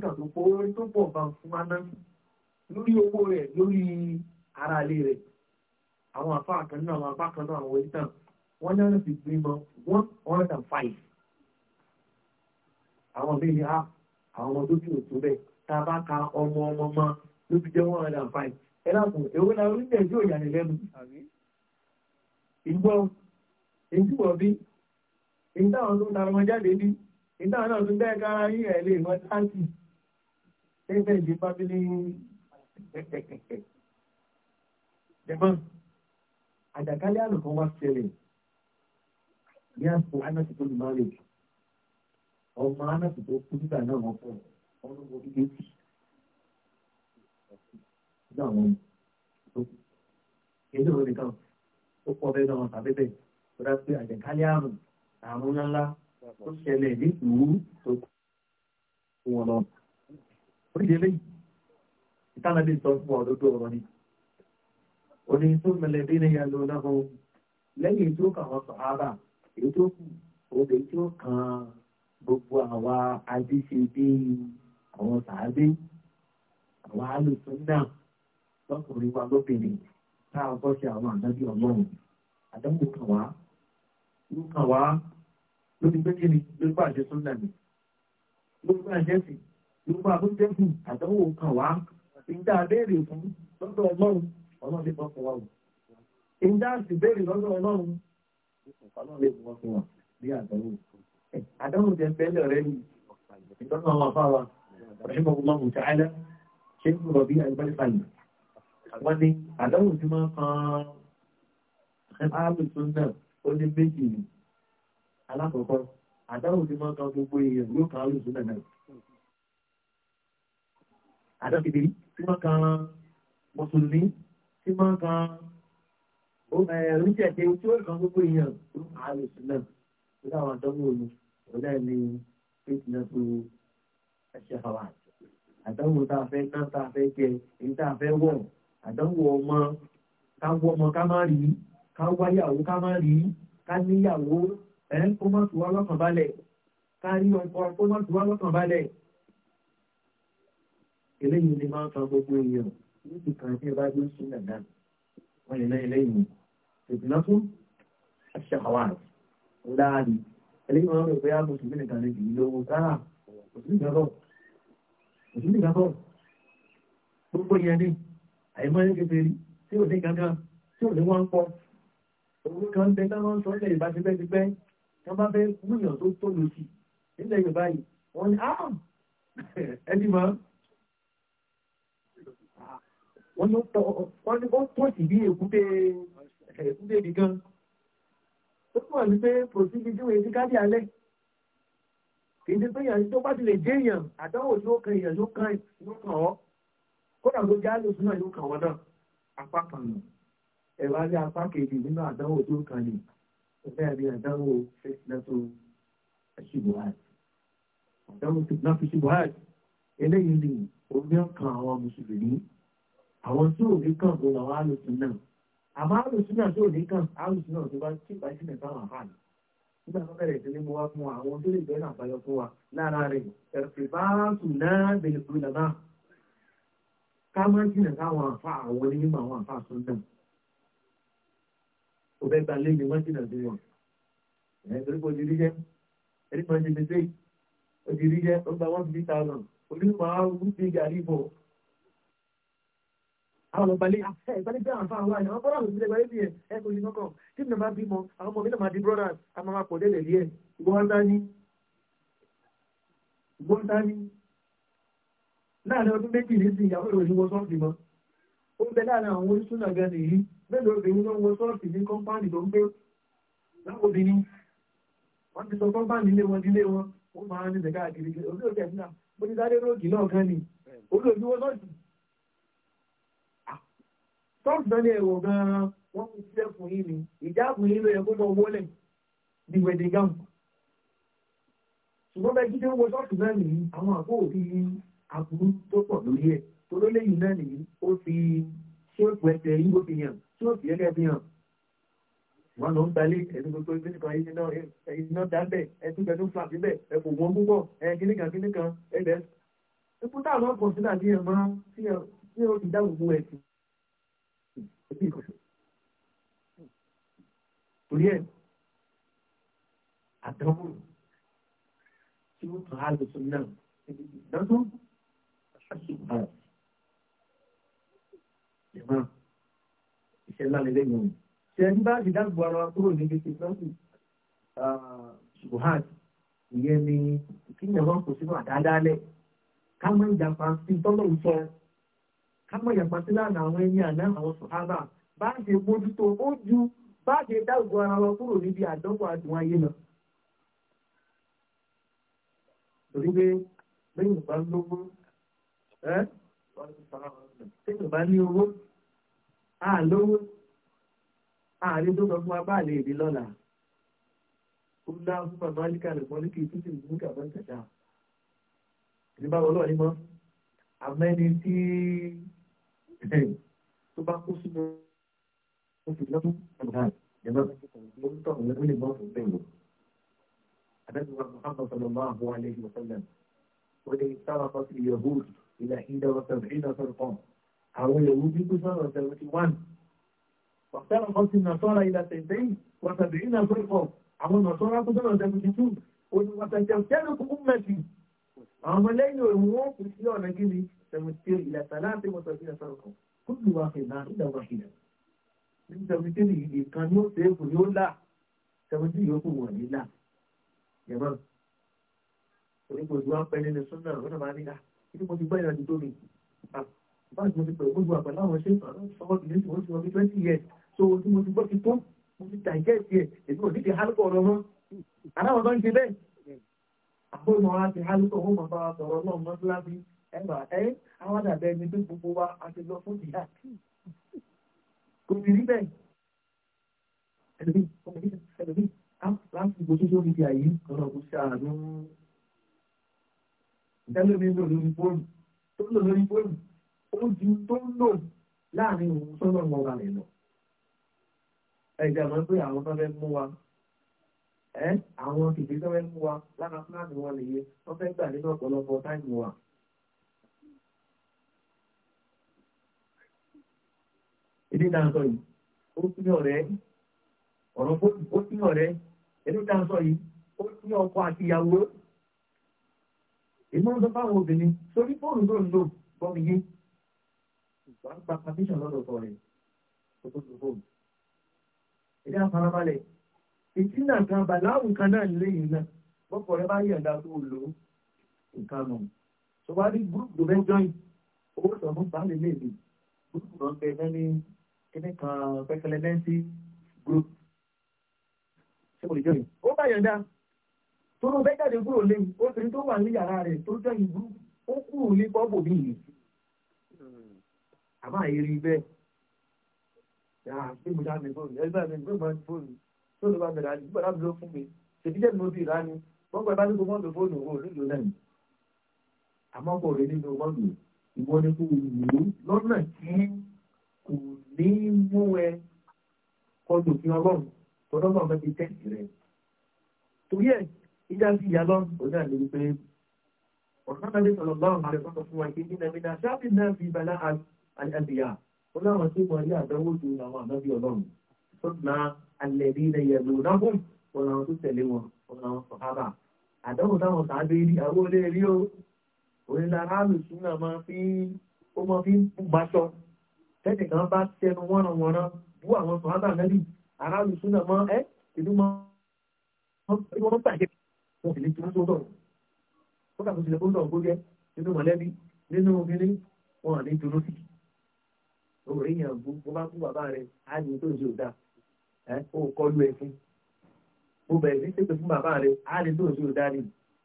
tó pọ̀ orí tó pọ̀ bá fún lórí owó rẹ̀ lórí ara rẹ̀ àwọn one hundred degree mọ one hundred and five àwọn bíi a ah, àwọn ọmọ tó bí òtún bẹ́ẹ̀ tá a bá ka ọmọ ọmọ mọ ló fi jẹ́ one hundred and five ẹ lápò èwo la orí tẹ̀ sí òyà nílẹ́nu ìgbọ́ ìjúwọ̀ bí ìtàwọn tó ń tara wọn jáde bí ìtàwọn náà tún bẹ́ẹ̀ kára yí ẹ̀ lè wọ́n táǹkì ẹgbẹ́ ìdí fábílì ẹ̀ẹ́dẹ̀gbọ́n àjàkálẹ̀ àlùkò wá ṣẹlẹ̀ ní àpò anásì tó lù máa lè jù ọmọ anásì tó kú nígbà náà wọ́n fọ ọmọ ọmọ bíi méjì nígbà wọn tó kù kéde òun nìkan ó pọ̀ bẹ́ẹ̀ náà tàbí bẹ́ẹ̀ tó dá pé àjẹkálẹ̀ àrùn àrùn ńláńlá tó ṣẹlẹ̀ nílùú tó kú wọn lọ. oríṣi eléyìí ìtànàbí sọ fún ọdọdọ ọ̀rọ̀ ni oní tó mẹlẹ bí ní yàrá lọ náà lẹ́yìn tó kà wọn sọ ábà èyí tó kù òde tí ó kan gbogbo àwa adéṣedé àwọn sàádé àwọn alùsùnà lọkùnrin wa lóbìnrin tá a bọ́ sí àwọn ànábì ọlọ́run àdánwò kan wá ló kan wá lórí pété ni ló bá àṣẹ sùnà mi ló bá àṣẹ sí ló bá àbúrò jẹ́sìn àdánwò kan wá ìdá abéèrè fún lọ́dọ̀ ọlọ́run ọlọ́run lè bọ́ fún wa o ìdá àṣìbéèrè lọ́dọ̀ ọlọ́run ọlọ́run lè mú ọkùnrin wọn bí àdánwò àdánwò jẹ́ bẹ́lẹ̀ rẹ yìí ìtọ́nà àwọn afáwa ọ̀ṣun ọgbọ́n mọ̀tí àìlẹ́ ṣé ń rọ̀ bí àgbẹ̀fàlì wọ́n ní àdánwò tí wọ́n kan alùsùn náà ó ní méjì ni alákọ̀ọ́kọ́ àdánwò tí wọ́n kan gbogbo èèyàn yóò kan alùsùn náà náà àdánwò tí wọ́n kan mùsùlùmí tí wọ́n kan ẹ̀rùn jẹ̀dẹ̀ tí ó kàn gbogbo èèyàn àlùsù náà tó dáwọn àdánwò ni ọ̀dà ni faith náà tó ẹ̀ṣẹ̀ fà wá. àdánwò tá a fẹ́ ná tá a fẹ́ jẹ èyí tá a fẹ́ wọ̀ àdánwò ọmọ ká wọ ọmọ ká má rí ká wáyàwó ká má rí ká níyàwó ẹ̀ kó má tù wá lọ́kàn balẹ̀ ká rí ọkọ kó má tù wá lọ́kàn balẹ̀. ni máa ń kan gbogbo èèyàn ní ìkànnì ìbájú sí nàdá wọn lè ná eléyìí ìdínátún aṣẹ́kọ̀wàrì láàrin ẹlẹ́yìn wọn rẹ̀ pé a mọ̀ ṣùgbọ́n nìkan nìkan lówó sára òṣìlẹ̀ ìgbàgbọ́ gbogbo yẹn ní àìmọ́ ní kékeré tí ò ní gangan tí ò ní wọ́n ń pọ̀ òun kan bẹ náà wọ́n sọ ilẹ̀ Yorùbá ti bẹ́ẹ̀ ti bẹ́ẹ̀ tí wọ́n bá bẹ́ẹ̀ múyàn tó tó lòsì nílẹ̀ Yorùbá yìí wọ́n ní áà *laughs* ẹni mọ́ wọ́n ní ó pọ̀ sí bí èkúté ẹ̀kún débi gan ó túmọ̀ sí pé pòsíbi tí wọ́n ti káàdì alẹ́ kìí ṣe pé èèyàn tó bá ti lè jẹ́ èèyàn àdánwò tí ó kan èèyàn ló kan ló kàn ọ́ kódà tó já lóṣù náà ló kàn wọ́n náà apá kan nù ẹ̀rọ alẹ́ apá kejì nínú àdánwò tó kan nì ẹ̀fẹ́ àbí àdánwò fẹ́sìlẹ́tò ṣìbùhàd àdánwò náà fi ṣìbùhàd eléyìí ni omi ọkàn àwọn mùsùlùmí àwọn tí ò ní kàn fún àwọn alùpùpù náà àmọ́ àlùsùnà tó ní kàn àlùsùnà tó bá tí ìbá sílẹ̀ sáwọn àfààní nígbà tó bẹ̀rẹ̀ sí ní mo wá fún àwọn tó lè bẹ́ẹ̀ náà báyọ̀ fún wa lára rẹ̀ ẹ̀fẹ̀ bá tù náà bẹ̀rẹ̀ fún ìlànà ká má jìnà káwọn àfa àwọn onímọ̀ àwọn àfa sùn náà kò bẹ́ẹ̀ gba léyìn wọ́n jìnà sí wọn ẹ̀ torí pé ojúrí jẹ́ ẹ̀rí kan ṣe mistake ojúrí jẹ́ ó gba one fifty thousand onímọ̀ àwọn wúti gàrí bọ̀ àwọn ọmọ balẹ̀ ìgbàlẹ̀ bí àwọn afáwọn àwọn bọ́lá àwọn ìgbàlẹ̀ balẹ̀ bí ẹ ẹ kò ní kọ́kọ́ tí mi bá bímọ àwọn ọmọ mi náà máa di brothers a máa máa pọ̀ délẹ̀ díẹ̀ gbọ́ntání láàrin ọdún méjì ní sí ìyàwó ìròyìn wọ sọ́ọ̀tì mọ́ ó ń bẹ láàrin àwọn oníṣúná gan nìyí mélòó obìnrin ló ń wọ sọ́ọ̀tì ní kọ́mpáànì tó ń gbé lákòbìnrin wọ́n ti sọ kọ́mpáànì ilé wọn dílé wọn ó máa ń ní ìdẹ̀ká àkìrí olóògbé ẹ̀fúnà mo ti sáré róògì náà kan ni olóògbé wọ sọ́ọ̀tì tọ́ọ̀sán ní ẹ̀wọ̀ gan-an wọ́n fi sílẹ̀ fún yín ni ìjáàbù yín ló yẹ kó mọ owó lẹ̀ ní wẹ̀dẹ̀ gàm. ṣùgbọ́n bẹ́ẹ̀ jíjẹ́ owó tọ́ọ̀sán náà nìyí àwọn àpò òfin aburú tó pọ̀ lórí ẹ̀ toró lẹ́yìn náà nìyí ó fi ṣéèpù ẹsẹ̀ yín ó fi hàn tí ó fi ẹgẹ́ fi hàn. wọn lọ ń gbalé ẹni gbogbo ìgbésí kan ẹyin náà ẹyin náà dábẹ ẹtún bẹẹ tó fà síbẹ̀ ẹ kò wọn púpọ̀ ẹ kíníkan kíníkan ẹ bẹ. ipò táwọn ọkọ̀ sílẹ̀ àti ẹ̀ máa ń fi hàn tí ó ti dá gbogbo ẹ̀sìn ẹbí rẹ torí ẹ àdánwò tí ó tún á lò sí náà ìdájọ́ aṣáṣùgbà ìmọ̀ iṣẹ́ ńlá lélẹ́ yìí ṣe ń bá ìdáàbò ara wa kúrò níbi tí wọ́n sì ṣùgbọ́n ìyẹn ni ìkíni ẹ̀rọ kò sínú àdáadáa lẹ̀ ká máa ń jàpá ń sọ kámọ̀ ìyàpá sí lánàá àwọn ẹni àná àwọn sọ̀hábà bá ṣe mójútó ó ju bá ṣe dáàbò ara wa kúrò níbi àdánwò àdùn ayé náà. torí pé lẹ́yìn ìgbà lówó ẹ́ lẹ́yìn ìgbà ní owó àlówó ààrẹ tó sọ fún wa bá lè rí lọ́la kúndà fún bàbá alíkà lè fọ́ níkì títí ìlú kàbá ìtàjà ìdíbà ọlọ́ọ̀ni mọ́ àmẹ́ni tí tó bá kó sínú oṣù lọ́dún ọ̀gá ìjọba ló ń tọ̀ lọ́dún lè bọ́ fún bẹ́ẹ̀ أبدوا محمد صلى الله عليه وسلم وإذا افترقت اليهود إلى حين وسبعين فرقا أو يهود كثر وسبعين وافترقت النصارى إلى سنتين وسبعين فرقا أو النصارى كثر وسبعين وتتوتلك أمتي أما لين يوم في سيارة تمثيل إلى ثلاث وسبعين فرقا كل واحد عند واحدة من تمثيل كان يوسف يقول لا تمثيل يقول لا يا من onígbò ìlú apẹ nínú súnà ọ̀nà máa nílá inú mo ti gbọ́ ìrìnàjò tó mi báyìí mo ti pẹ̀lú gbogbo àgbà láwọn ṣe ọwọ́ ìlú tí wọ́n ti wọ́n fi twenty years so ojú mo ti gbọ́ ti tó mo ti digest yẹ èmi ò nídìí hálùkọ ọ̀rọ̀ mọ́ aláwọ̀ tó ń ṣe bẹ́ẹ̀ àbúrò ẹgbà ẹ àwọn àdàbẹ ẹni pé gbogbo wa a ti lọ fún ìyá kò sì rí bẹ́ẹ̀ ẹlòmí ọmọdé ẹlòmí láti gbogbo tó fi àyè ọ̀rọ̀ kò sí àánú ẹlòmí lò lórí bóòlù tó lò lórí bóòlù ó ju tó ń lò láàrin òun sọ́nà ọmọba rẹ̀ lọ ẹ̀jẹ̀ àmọ́ pé àwọn tó fẹ́ mú wa àwọn kìkì tó fẹ́ mú wa lára fúlàní wọn nìyẹn wọ́n fẹ́ gbà nínú ọ̀pọ̀lọpọ̀ táìmù wa. ilé náà sọ yìí ó fáwọn obìnrin sórí fóònù tó ń lò bọ́ọ̀lù yé ìgbà ń gba pàtíṣàn lọ́dọ̀ sọ rẹ̀ tó tó tó fóònù ìdá àfarabalẹ̀ ìtínà kan bàláwù kan náà lẹ́yìn náà bọ́kọ̀ rẹ bá yẹ̀ǹda tó lò ó nǹkan nù tó bá rí gúrúùpù tó fẹ́ jọyìn owó sọ fún báàlì lè lè gúrúùpù náà ń bẹ ní kíní kan pẹ́kẹ́lẹ́ lẹ́ńtì group ṣé kò lè jọyìn ó bá yọ̀ǹda tó ló bẹ́ jáde kúrò lé obìnrin tó wà ní yàrá rẹ̀ tó jọyìn group ó kúrò ní pọ́bù mi yìí àmọ́ àyè rí bẹ́ẹ̀ yàrá bí mo dá mi fóònù ẹgbẹ́ mi gbé mọ́ fóònù tó ló bá bẹ̀rẹ̀ àdìgbò bàbá mi ló fún mi ṣèbí jẹ́ mi ó ti rà ni wọ́n gbọ́ bá ní kó mọ́tò fóònù òun nílò náà àmọ́ kò rí nínú mọ́tò ìwọ ni kò wù kò ní mú ẹ kọjú òfin ọlọ́run tọ́lọ́ náà fẹ́ fi tẹ́sì rẹ̀. torí ẹ̀ ìjà sí ìyá lọ́run kò ní àlè wípé ọ̀nà náà lè sọ̀rọ̀ lọ́run àrẹ sọ́kọ̀ fún wa ìkéjì náà nígbà sábì náà fi balá àlẹ́bíyà ó láwọn tí wọ́n rí àdánwò ju àwọn ànábì ọlọ́run sọ́dùnà alẹ́bí ilẹ̀ yẹ̀lú nágùn ọ̀nà àwọn tó tẹ̀lé wọn ọ̀nà àwọn sọ̀hábà àdánwò táwọn sàábé rí àwọn olè rí o òní lára àlùsùn náà máa tẹ́nì kan bá tẹnu wọ́nranwọ́nra bú àwọn sọ̀hábà nẹ́bí aráàlú súnà mọ́ ẹ́ ìlú mọ́ wọ́n pàṣẹ wọn sì lè tún tó dọ̀ wọ́n kàtó sílẹ̀ kó dọ̀ kó jẹ́ nínú mọ̀lẹ́bí nínú obìnrin wọn ní dúró sí òòrè yàn bú bó bá kú bàbá rẹ á ní tó ṣe òdà ẹ ó kọlu ẹ fún mo bẹ̀rẹ̀ sí ṣépè fún bàbá rẹ á ní tó ṣe òdà ni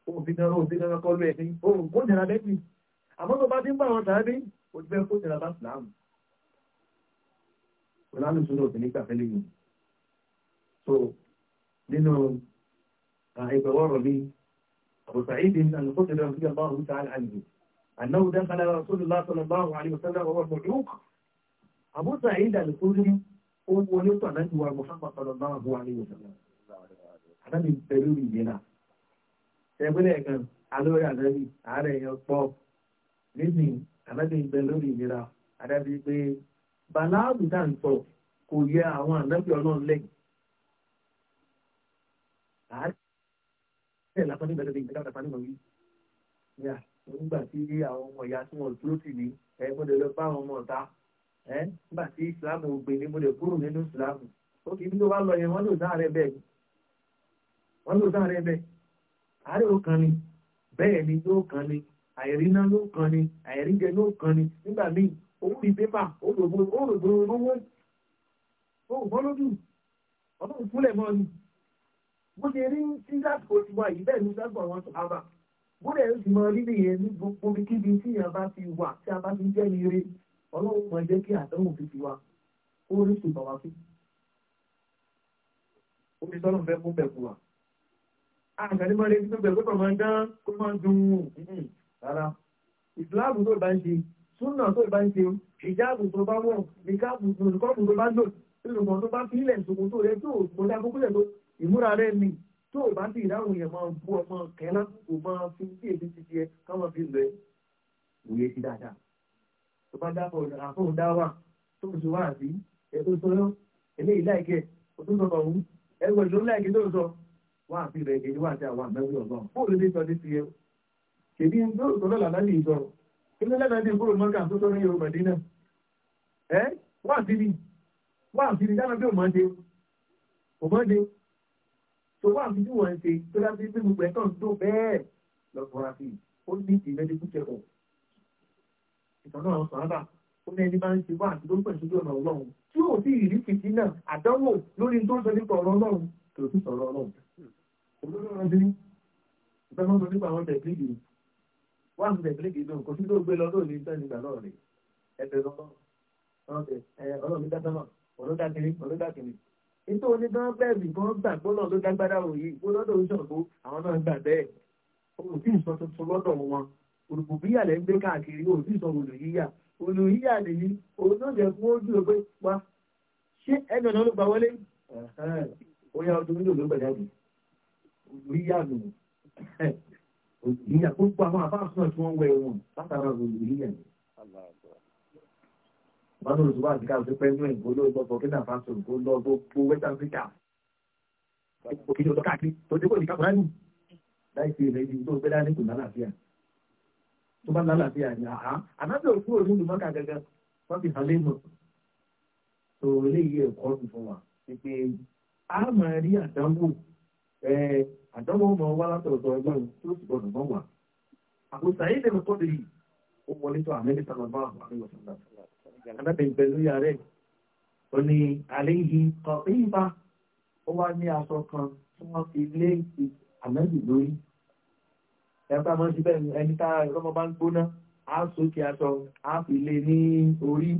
ó fi náà ó fi náà kọlu ẹ fún ó kó nira bẹ́ẹ̀ ni àmọ́ tó bá ti ń bá àwọn tàbí ó ti fẹ́ kó ọlọ́run sọ́dọ̀ òfin nígbà fẹ́lẹ́ yìí so nínú ìgbẹ̀wọ́rọ̀ mi أبو سعيد أن قتل رضي الله تعالى عنه أنه دخل رسول الله صلى الله عليه وسلم وهو معلوق أبو سعيد الخدري هو نطع نجوى محمد صلى الله عليه وسلم أنا من بلوري جنا يقول لك ألو يا نبي على يا صوف نبي أنا من بلوري جنا أنا بيبي Bala dà ń sọ kò yẹ àwọn ànábì ọlọ́run lẹ́yìn. àárẹ̀ lásán nígbà tó ti gbẹ̀dá ọ̀dà fanimọ̀ yìí. yà nígbà tí àwọn ọmọ ìyá tí wọ́n dúró ẹ mo lè lọ bá àwọn ọmọ ọ̀tá ẹ nígbà tí ìsìlámù ni mo lè kúrò nínú ìsìlámù ó kì í ló lọ yẹn wọ́n lò bẹ́ẹ̀ ni wọ́n lò bẹ́ẹ̀ àárẹ̀ ó kan ni òun bí pépà òrògbòrò owó ògbọ́lódù ọlọ́run fúnlẹ̀ mọ́ ni bó ṣe rí sí lásìkò ti wà yìí bẹ́ẹ̀ ní sásìkò àwọn sọ̀hábà bó dẹ̀ sì mọ rírì yẹn ní gbogbo kíbi tí a bá ti wà tí a bá ti jẹ́ rere ọlọ́run mọ̀ jẹ́ kí àdánwò fi fi wa ó rí sùn bàwá sí. omi sọ́nà fẹ́ fún bẹ̀kú wa àgbàdì máa lè fi bẹ̀kú tó máa ń dán kó máa dùn ún hmm, hmm. rárá ìsìláàmù tó bá ń ṣe súnà tó ìbá ń ṣe ìjáàbù tó bá wọ̀ nìkáàbù nìkọ́ọ̀bù tó bá lò ìrùmọ̀ tó bá fílẹ̀ ìṣòkò tó rẹ tó mọ̀lá kókúlẹ̀ tó ìmúra rẹ ni tó bá sì ìdáhùn yẹn máa bú ọmọ kẹlá kò máa fi sí èdè títí ẹ káwọn fi lọ ẹ òye ti dáadáa tó bá dábọ̀ àfọ̀hún dá wà tó kù sí wá àbí ẹ tó sọyọ́ eléyìí láìkẹ́ o tó sọ̀rọ̀ ọ̀hún ẹgbẹ́ ìṣòro láìkẹ́ tó sọ wá àbí rẹ̀ èyí wà àti àwọn àmẹ́wé ọ̀gbọ́n bóòlù ní ti ẹ ṣèbí ń tó sọ inú lẹ́nà bí kúrò mọ́kà tó tó ní yorùbá dínà ẹ́ wà sí ni wà sí ni dáná bí ò mọ́dé ò mọ́dé tó wà sí ni wọ́n ṣe tó dá pé gbogbo ẹ̀tọ́ tó bẹ́ẹ̀ lọ fọra ó ní ti mẹ́díkù kẹ́kọ̀ọ́ ìtàn náà sọ ábà ó ní ẹni máa ń ṣe wà ń tó ń sọ one hundred mílíkì náà kò sí tó gbé lọ tó ní tán nígbà náà rè ẹgbẹ́ lọ́wọ́ ọlọ́run dá sọ́nà ọlọ́dàkìnrin ọlọ́dàkìnrin ètò onígbọ́n bẹ́ẹ̀ nìkan gbà gbọ́nà ló dágbára òye gbọ́lọ́dọ̀ ń ṣọ̀gbó àwọn náà gbà bẹ́ẹ̀ òun tí ìsọ tuntun lọ́dọ̀ wọn òrùkù bí yàlẹ̀ ń gbé káàkiri òun tí ìsọ olùyíyà olùyíyà nìyí òun náà jẹ́ fún ojú ọgbẹ́ wa ṣé ẹnu ọ̀nà ló gba wọlé ó yá ọdún mílò ló gbà jáde olùyíyà nù ìyà gbogbo àwọn àbáṣọ tí wọ́n wẹ wọn látara òòlù yíyà ni. bàbá olùsọ wà síkà sí pẹ́ẹ́nú ìbò ló gbọ́ burkina faso kó lọ gbogbo west africa òkè ọ̀dọ́ káàkiri tó dé kó ìdíkà kúrẹ́ nù láì fi ìrẹ́jì tó gbé dání kò lálàáfíà tó bá lálàáfíà ni àhá ànábẹ́ òkú òní ìlú mọ́kà gẹ́gẹ́ wọ́n fi hàn lẹ́nu tó léyìí ẹ̀kọ́ tuntun wa pé a máa rí àdánwò àdánwò ọmọ wa látọ̀dọ̀ ọlọ́run tó sì gbọdọ̀ mọ́ wà. àbùsà yìí lè kọ́ lèyí ó wọlé tó àmẹ́lẹ́ sọ̀rọ̀ bá àwọn àríwọ̀ sọ̀rọ̀ adábẹ̀yìn pẹ̀lú ìyá rẹ̀ ó ní àléyìn kan ìyípa ó wá ní aṣọ kan tí wọ́n fi lé àmẹ́lì lórí. ẹ̀ka máa ń ṣe bẹ́ẹ̀ ẹni tá ọmọ bá ń gbóná á sókè aṣọ á fi lé ní orí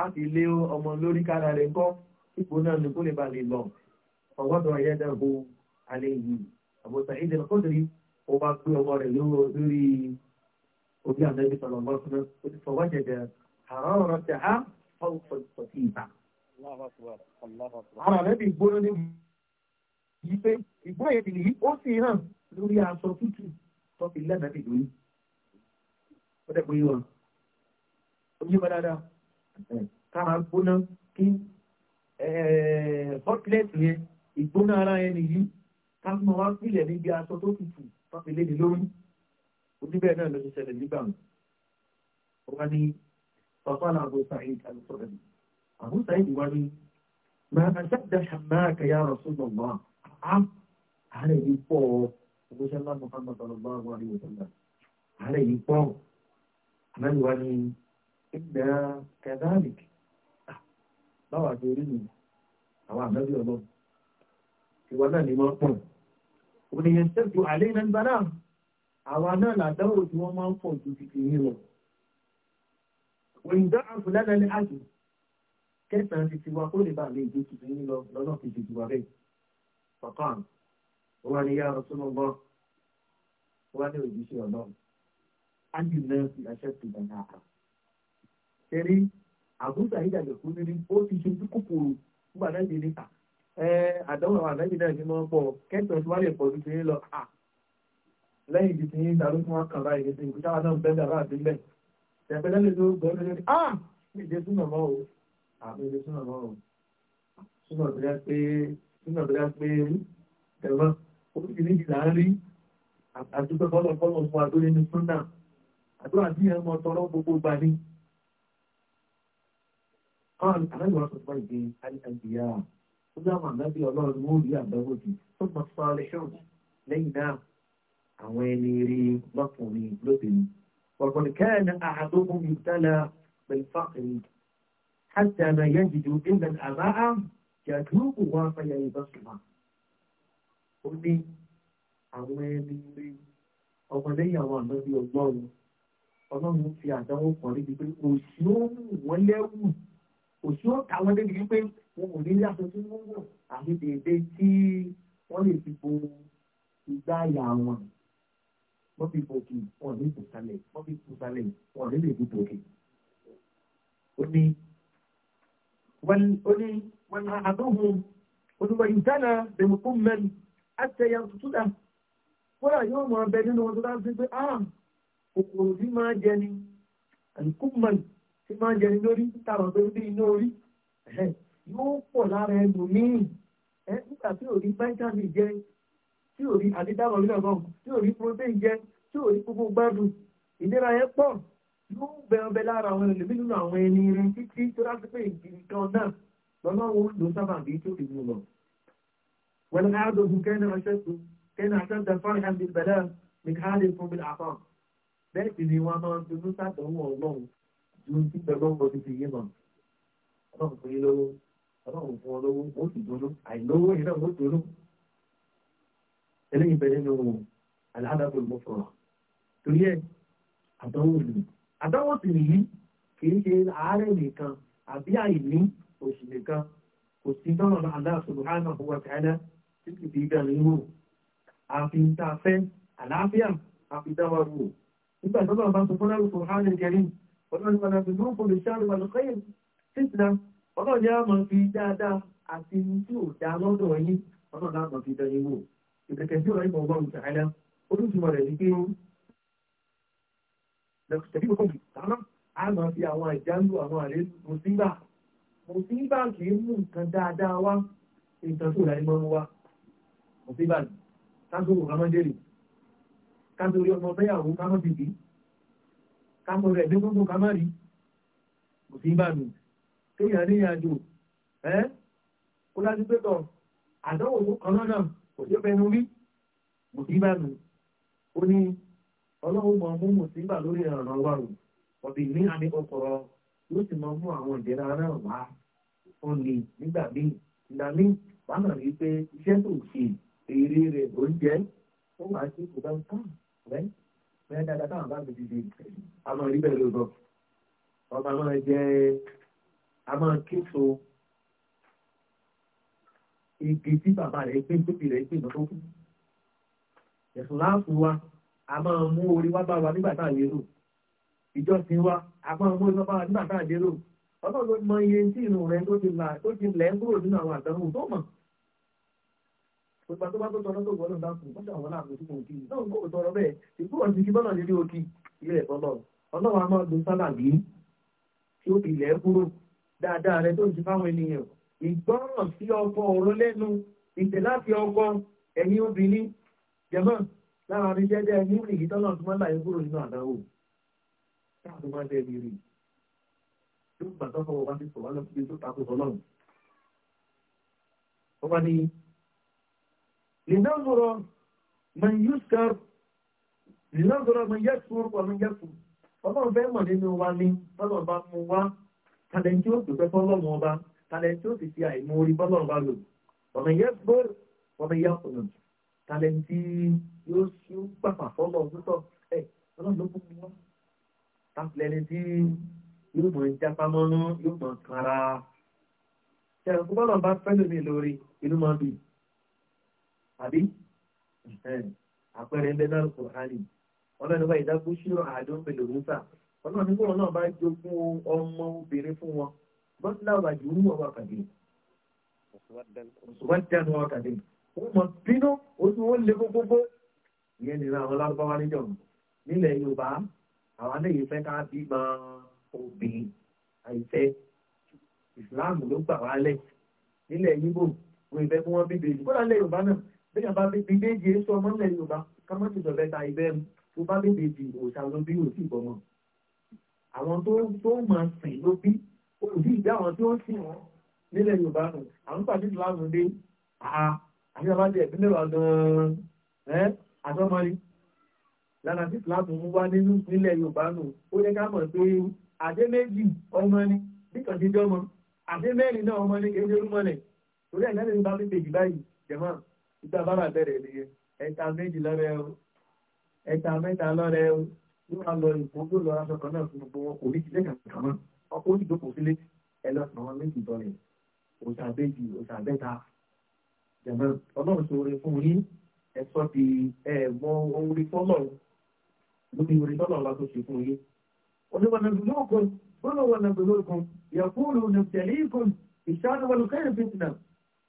á fi lé ọmọ lórí kára فوضع يده عليه أبو سعيد الخدري وبقي ورجله ذري وجاء النبي صلى الله عليه وسلم فوجد حرارتها فوق السفينة الله أكبر الله أكبر على نبي يقول يبقى يبقى يبقى يبقى lórí aṣọ tútù tó fi lẹ́nà nìlú yìí ó dẹ̀ pé wọn ojú bá dáadáa kára ìgbóná ara ẹni yìí káfíńmọ́ wá pìlẹ̀ níbi aṣọ tó tutù tọ́pì léde lórí oníbẹ̀ náà ló ti ṣẹlẹ̀ nígbà wọn ni bàbá làbò sàìd àlùsọ̀rọ̀ ni àbú sàìd wá ní máa ṣàdá ṣàmáàkà yà Rasulullah àárẹ̀ yìí pọ̀ ọgbẹ́sẹ̀lá Muhammad sallallahu alaihi wa sallam àárẹ̀ yìí pọ̀ àmẹ́lì wá ní ìgbà kẹdáàlì báwa ti rí nù àwọn àmẹ́lì ọlọ́run ìwọ náà ni wọ́n pọ̀ ònìyàn tẹ́jú àlẹ́ iná gbára àwa náà làdáwò tí wọ́n máa ń pọ̀ ju títí yìí lọ òyìnbá àfúlẹ́lẹ́ ní àjò kẹsàn-án ti tiwa kó lè bá lè ju títí yìí lọ lọ́nà kejì tiwa bẹ́ẹ̀ fọ̀kàn wọn ni yára súnmọ́ bọ́ wọn ní òjíṣẹ́ ọlọ́run ájú náà fi aṣẹ́ tó bá náà kà rí àbúrò àyíjà lè kú ó ti ṣojú kòkòrò fún bàdá ìdílé kà àdánwò àwọn àdájì náà ní mọ́ pọ̀ kẹ́tọ̀ tí wá lè pọ̀ ju ti lọ à lẹ́yìn ti ti ń darú fún ọkàn láì ní sinmi táwa náà bẹ́ẹ̀ dára àbílẹ̀ ẹ̀pẹ́ lẹ́lẹ́ tó gbọ́ lórí à ìdè súnà mọ́ o àmì ìdè súnà mọ́ o súnà tó yá pé súnà tó yá pé ẹ̀rọ oríṣiríṣi là ń rí àdúgbò fọlọ́fọlọ́ fún adúlé ní súnà àdúrà tí ẹ̀ mọ tọrọ gbogbo gbà ní. قال أنا أقول لك ó dáwọn ànábì ọlọ́run wó rí àbẹ̀wò jù tó mọ̀ sọ́ọ́lẹ̀ ṣọ́ọ̀tì lẹ́yìn náà àwọn ẹni rí lọ́kùnrin lóbìnrin ọ̀gbọ̀n kẹ́ẹ̀nà àádọ́gún ìtàlà pẹ̀lúfàkìrì hàtà náà yẹn jìjì ìgbà àbáà yàtúùkù wá fàyà ìbásùnmá ó ní àwọn ẹni rí ọmọlẹ́yìn àwọn ànábì ọlọ́run ọlọ́run fi àdánwò kan níbi pé òṣìṣẹ́ wọn kò ní yàtọ̀ tí wọ́n wọ̀ àfi dèédé tí wọ́n lè fi bo ìgbà àyà wọn wọ́n fi bòkì wọn ní ìbùsàlẹ̀ wọ́n fi ìbùsàlẹ̀ wọn ní lè fi bòkì. ó ní wọ́n ní àdóhùn olùwà ìdáná bẹ̀rùkún mẹ́rin àtẹ̀yà tuntun dà kódà yóò mọ ọbẹ̀ nínú wọn tó dá sí pé ah kòkòrò tí máa jẹ ni àlùkùn mẹ́rin tí máa jẹ ni lórí tààrọ̀ tó ń bí iná orí yóò pọ̀ lára ẹnu míì ẹ nígbà tí ò rí vitamin jẹ tí ò rí àdídáwọ̀ orí ọ̀gọ́ tí ò rí protein jẹ tí ò rí gbogbo gbádùn ìlera yẹn pọ̀ yóò bẹ ọbẹ̀ lára àwọn ẹlòmí nínú àwọn ẹni rẹ títí tó láti pé nǹkan náà lọ́lọ́wọ́ ló sábà bí tó dìbò lọ. wọ́n á dogun kẹ́ni aṣẹ́kù kẹ́ni aṣẹ́kù fáwọn ẹ̀hán bíi bẹ̀rẹ̀ nìkáàdé fún bí àpá bẹ́ẹ̀ sì ni wọ́n máa ń dunú sàdánwò ọlọ́run ju ti lọ́wọ́ ti fi yé mọ̀ ọlọ́run fún yín lọ́wọ́ ọlọ́run fún ọlọ́wọ́ ó sì dúró àìlówó iná ó dúró eléyìí bẹ̀rẹ̀ nínú aláàdábò ló fọ̀rọ̀ torí ẹ̀ àdánwò ni àdánwò sì nìyí kì í ṣe àárẹ̀ nìkan àbí àìní òṣì nìkan kò sí tọ́nà aláàfin hánà owó àtàlẹ́ títí fi dà nínú àfi ń ta fẹ́ àlàáfíà àfi dáwà wò nígbà tó bá bá sọ fún aláàfin hánà kẹrin ọlọ́run padà fi lóòfò lè ṣáàrùn àlùkọ́yìn títí náà ọlọ́run jẹ́ àmọ́ fi dáadáa àti tí ò dá lọ́dọ̀ yín ọlọ́run náà mọ̀ fi dán yín wò ìbẹ̀kẹ̀ tí ó rẹ̀ ń bọ̀ ọgbọ́n ìtàkàlá olùsùnmọ̀ rẹ̀ ní pé tẹ̀bí kò kọ̀mù tánà á máa fi àwọn ìjálù àwọn àrẹ mùsíńgbà mùsíńgbà kì í mú nǹkan dáadáa wá nǹkan tó láyé mọ́rún wá mùsíńgbà ni wò kámọ́ délé káṣó orí ọmọ fẹ́yàwó kámọ́ bìbí kámọ́ rẹ̀ dé gbogbo kámọ́ rí mùsíńgbà nù kéèyàn níyàn jù ẹ́ kó láti pé tọ̀ àdánwò kan lọ́nà kò sí fẹnu rí mùsíbà nù ó ní ọlọ́wọ́ mọ̀ mú mùsíbà lórí ọ̀nà wa rò ní àmì kọkọrọ yóò sì mọ mú àwọn ìdẹ́ra ni nígbà míì míì wàá rí pé iṣẹ́ tó ṣe èrè rẹ̀ ló ń jẹ́ ó wà kò bá ń tán bẹ́ẹ̀ dáadáa táwọn bá mi ti di àmọ̀ a máa kíso igi tí bàbá rẹ̀ gbé tóbi rẹ̀ gbé lọ́tọ́ fún ẹ̀sùn láàfù wa a máa mú orí wá bá wa nígbà tá à lérò wa a máa mú orí wá bá wa nígbà tá à ọlọ́run ló mọ iye tí ìrùn rẹ̀ tó ti là tó ti lẹ̀ ń kúrò nínú àwọn àdánwò tó mọ̀ gbogbo dákun wọ́n náà bẹ́ẹ̀ dáadáa rẹ tó ń ṣe fáwọn ènìyàn ìgbọ́ràn sí ọkọ ọ̀rọ̀ lẹ́nu ìtẹ̀ láti ọkọ ẹ̀yìn obìnrin jẹ̀mọ́ lára ní jẹ́jẹ́ ní ìrìkì tọ́lọ̀ tó máa láyé kúrò nínú àdáwò táàtò máa jẹ́ ìrì tó gbà tó fọwọ́ bá ti sọ̀rọ̀ lọ sí tó takò sọ́lọ́ ọba ni lìnàzọ̀rọ̀ man yúskar lìnàzọ̀rọ̀ man yẹ́sùn ọ̀pọ̀ man yẹ́sùn ọlọ́run fẹ́ mọ̀ nínú wa ni tọ́lọ̀ bá mú wa talẹ̀ tí ó dùpẹ́ fọ́lọ́mù ọba talẹ̀ tí ó ti fi àìmórí fọ́lọ́mù ọba lò ọ̀nà yẹ gbòòrò ọ̀nà yẹ ọ̀nà talẹ̀ tí yóò ṣú pàpà fọ́lọ́mù tó tọ̀ ẹ̀ ọlọ́run ló fún mi wá talẹ̀ tí yóò mọ̀ jápá mọ́nú yóò mọ̀ kára ṣe ẹ̀kú fọ́lọ́mù bá fẹ́ lómi lórí inú mọ́ bì àbí àpẹẹrẹ ń bẹ náà kò hánì ọ̀nà nígbà wọn náà bá jogún ọmọ obìnrin fún wọn bọ́sílá wà jù ú wọ́n wà kàdé wọ́n dẹnu wọn kàdé wọ́n mọ̀ bínú oṣù wọn lé gbogbogbò ìyẹn nìyẹn àwọn lárúbáwá níjọ nílẹ̀ yorùbá àwọn aléyìí fẹ́ ká bí máa obìnrin àìfẹ́ ìsìláàmù ló gbà wá lẹ̀ nílẹ̀ yíbò wọn ìfẹ́ fún wọn bíbélì kó lálẹ́ yorùbá náà bí yàrá bá bí méje sọ ọmọ nílẹ̀ yorùbá ká má ti sọ̀rọ̀ ẹ̀ta tó bá bèbè di òṣàlóbí òsì bọ́mọ̀ àwọn tó tó máa sìn ló bí olùdí ìdá àwọn tí ó ń sìn wọn nílẹ̀ yorùbá nù àwọn pàṣẹ tó lánàá dé àá àti àbájẹ ìpínlẹ̀ wa gan-an ẹ́ àtọ́mọ́ni lánà tí ìsìláàmù ń wá nínú nílẹ̀ yorùbá nù ó yẹ ká mọ̀ pé àdé méjì ọmọ ni nìkan ti dọ́mọ àdé mẹ́rin náà ọmọ ni kéde orúmọ nẹ̀ torí ẹ̀ lẹ́nu bá mi bèjì báyìí jẹ̀mọ́ ìgbà bára bẹ̀rẹ̀ nìyẹn ẹ̀ta méjì lọ́rẹ́ ẹ̀ta mẹ́ta lọ́rẹ́ o ní wàá lọ ìfún tó lọ aṣọ kan náà fún gbogbo wọn kò ní ti lẹ́yìn àkàkà mọ́ ọkọ̀ ó sì dókòó sílé ẹ lọ sàn án méjì dọ́rin òṣà méjì òṣà mẹ́ta jẹ̀mọ́ ọlọ́run ṣoore fún yín ẹ̀sọ́ di ẹ̀ẹ̀mọ orí tọ́lọ̀ lórí orí tọ́lọ̀ ọba tó ṣe fún yín. oníwọ̀nà gbòlóògùn oníwọ̀nà gbòlóògùn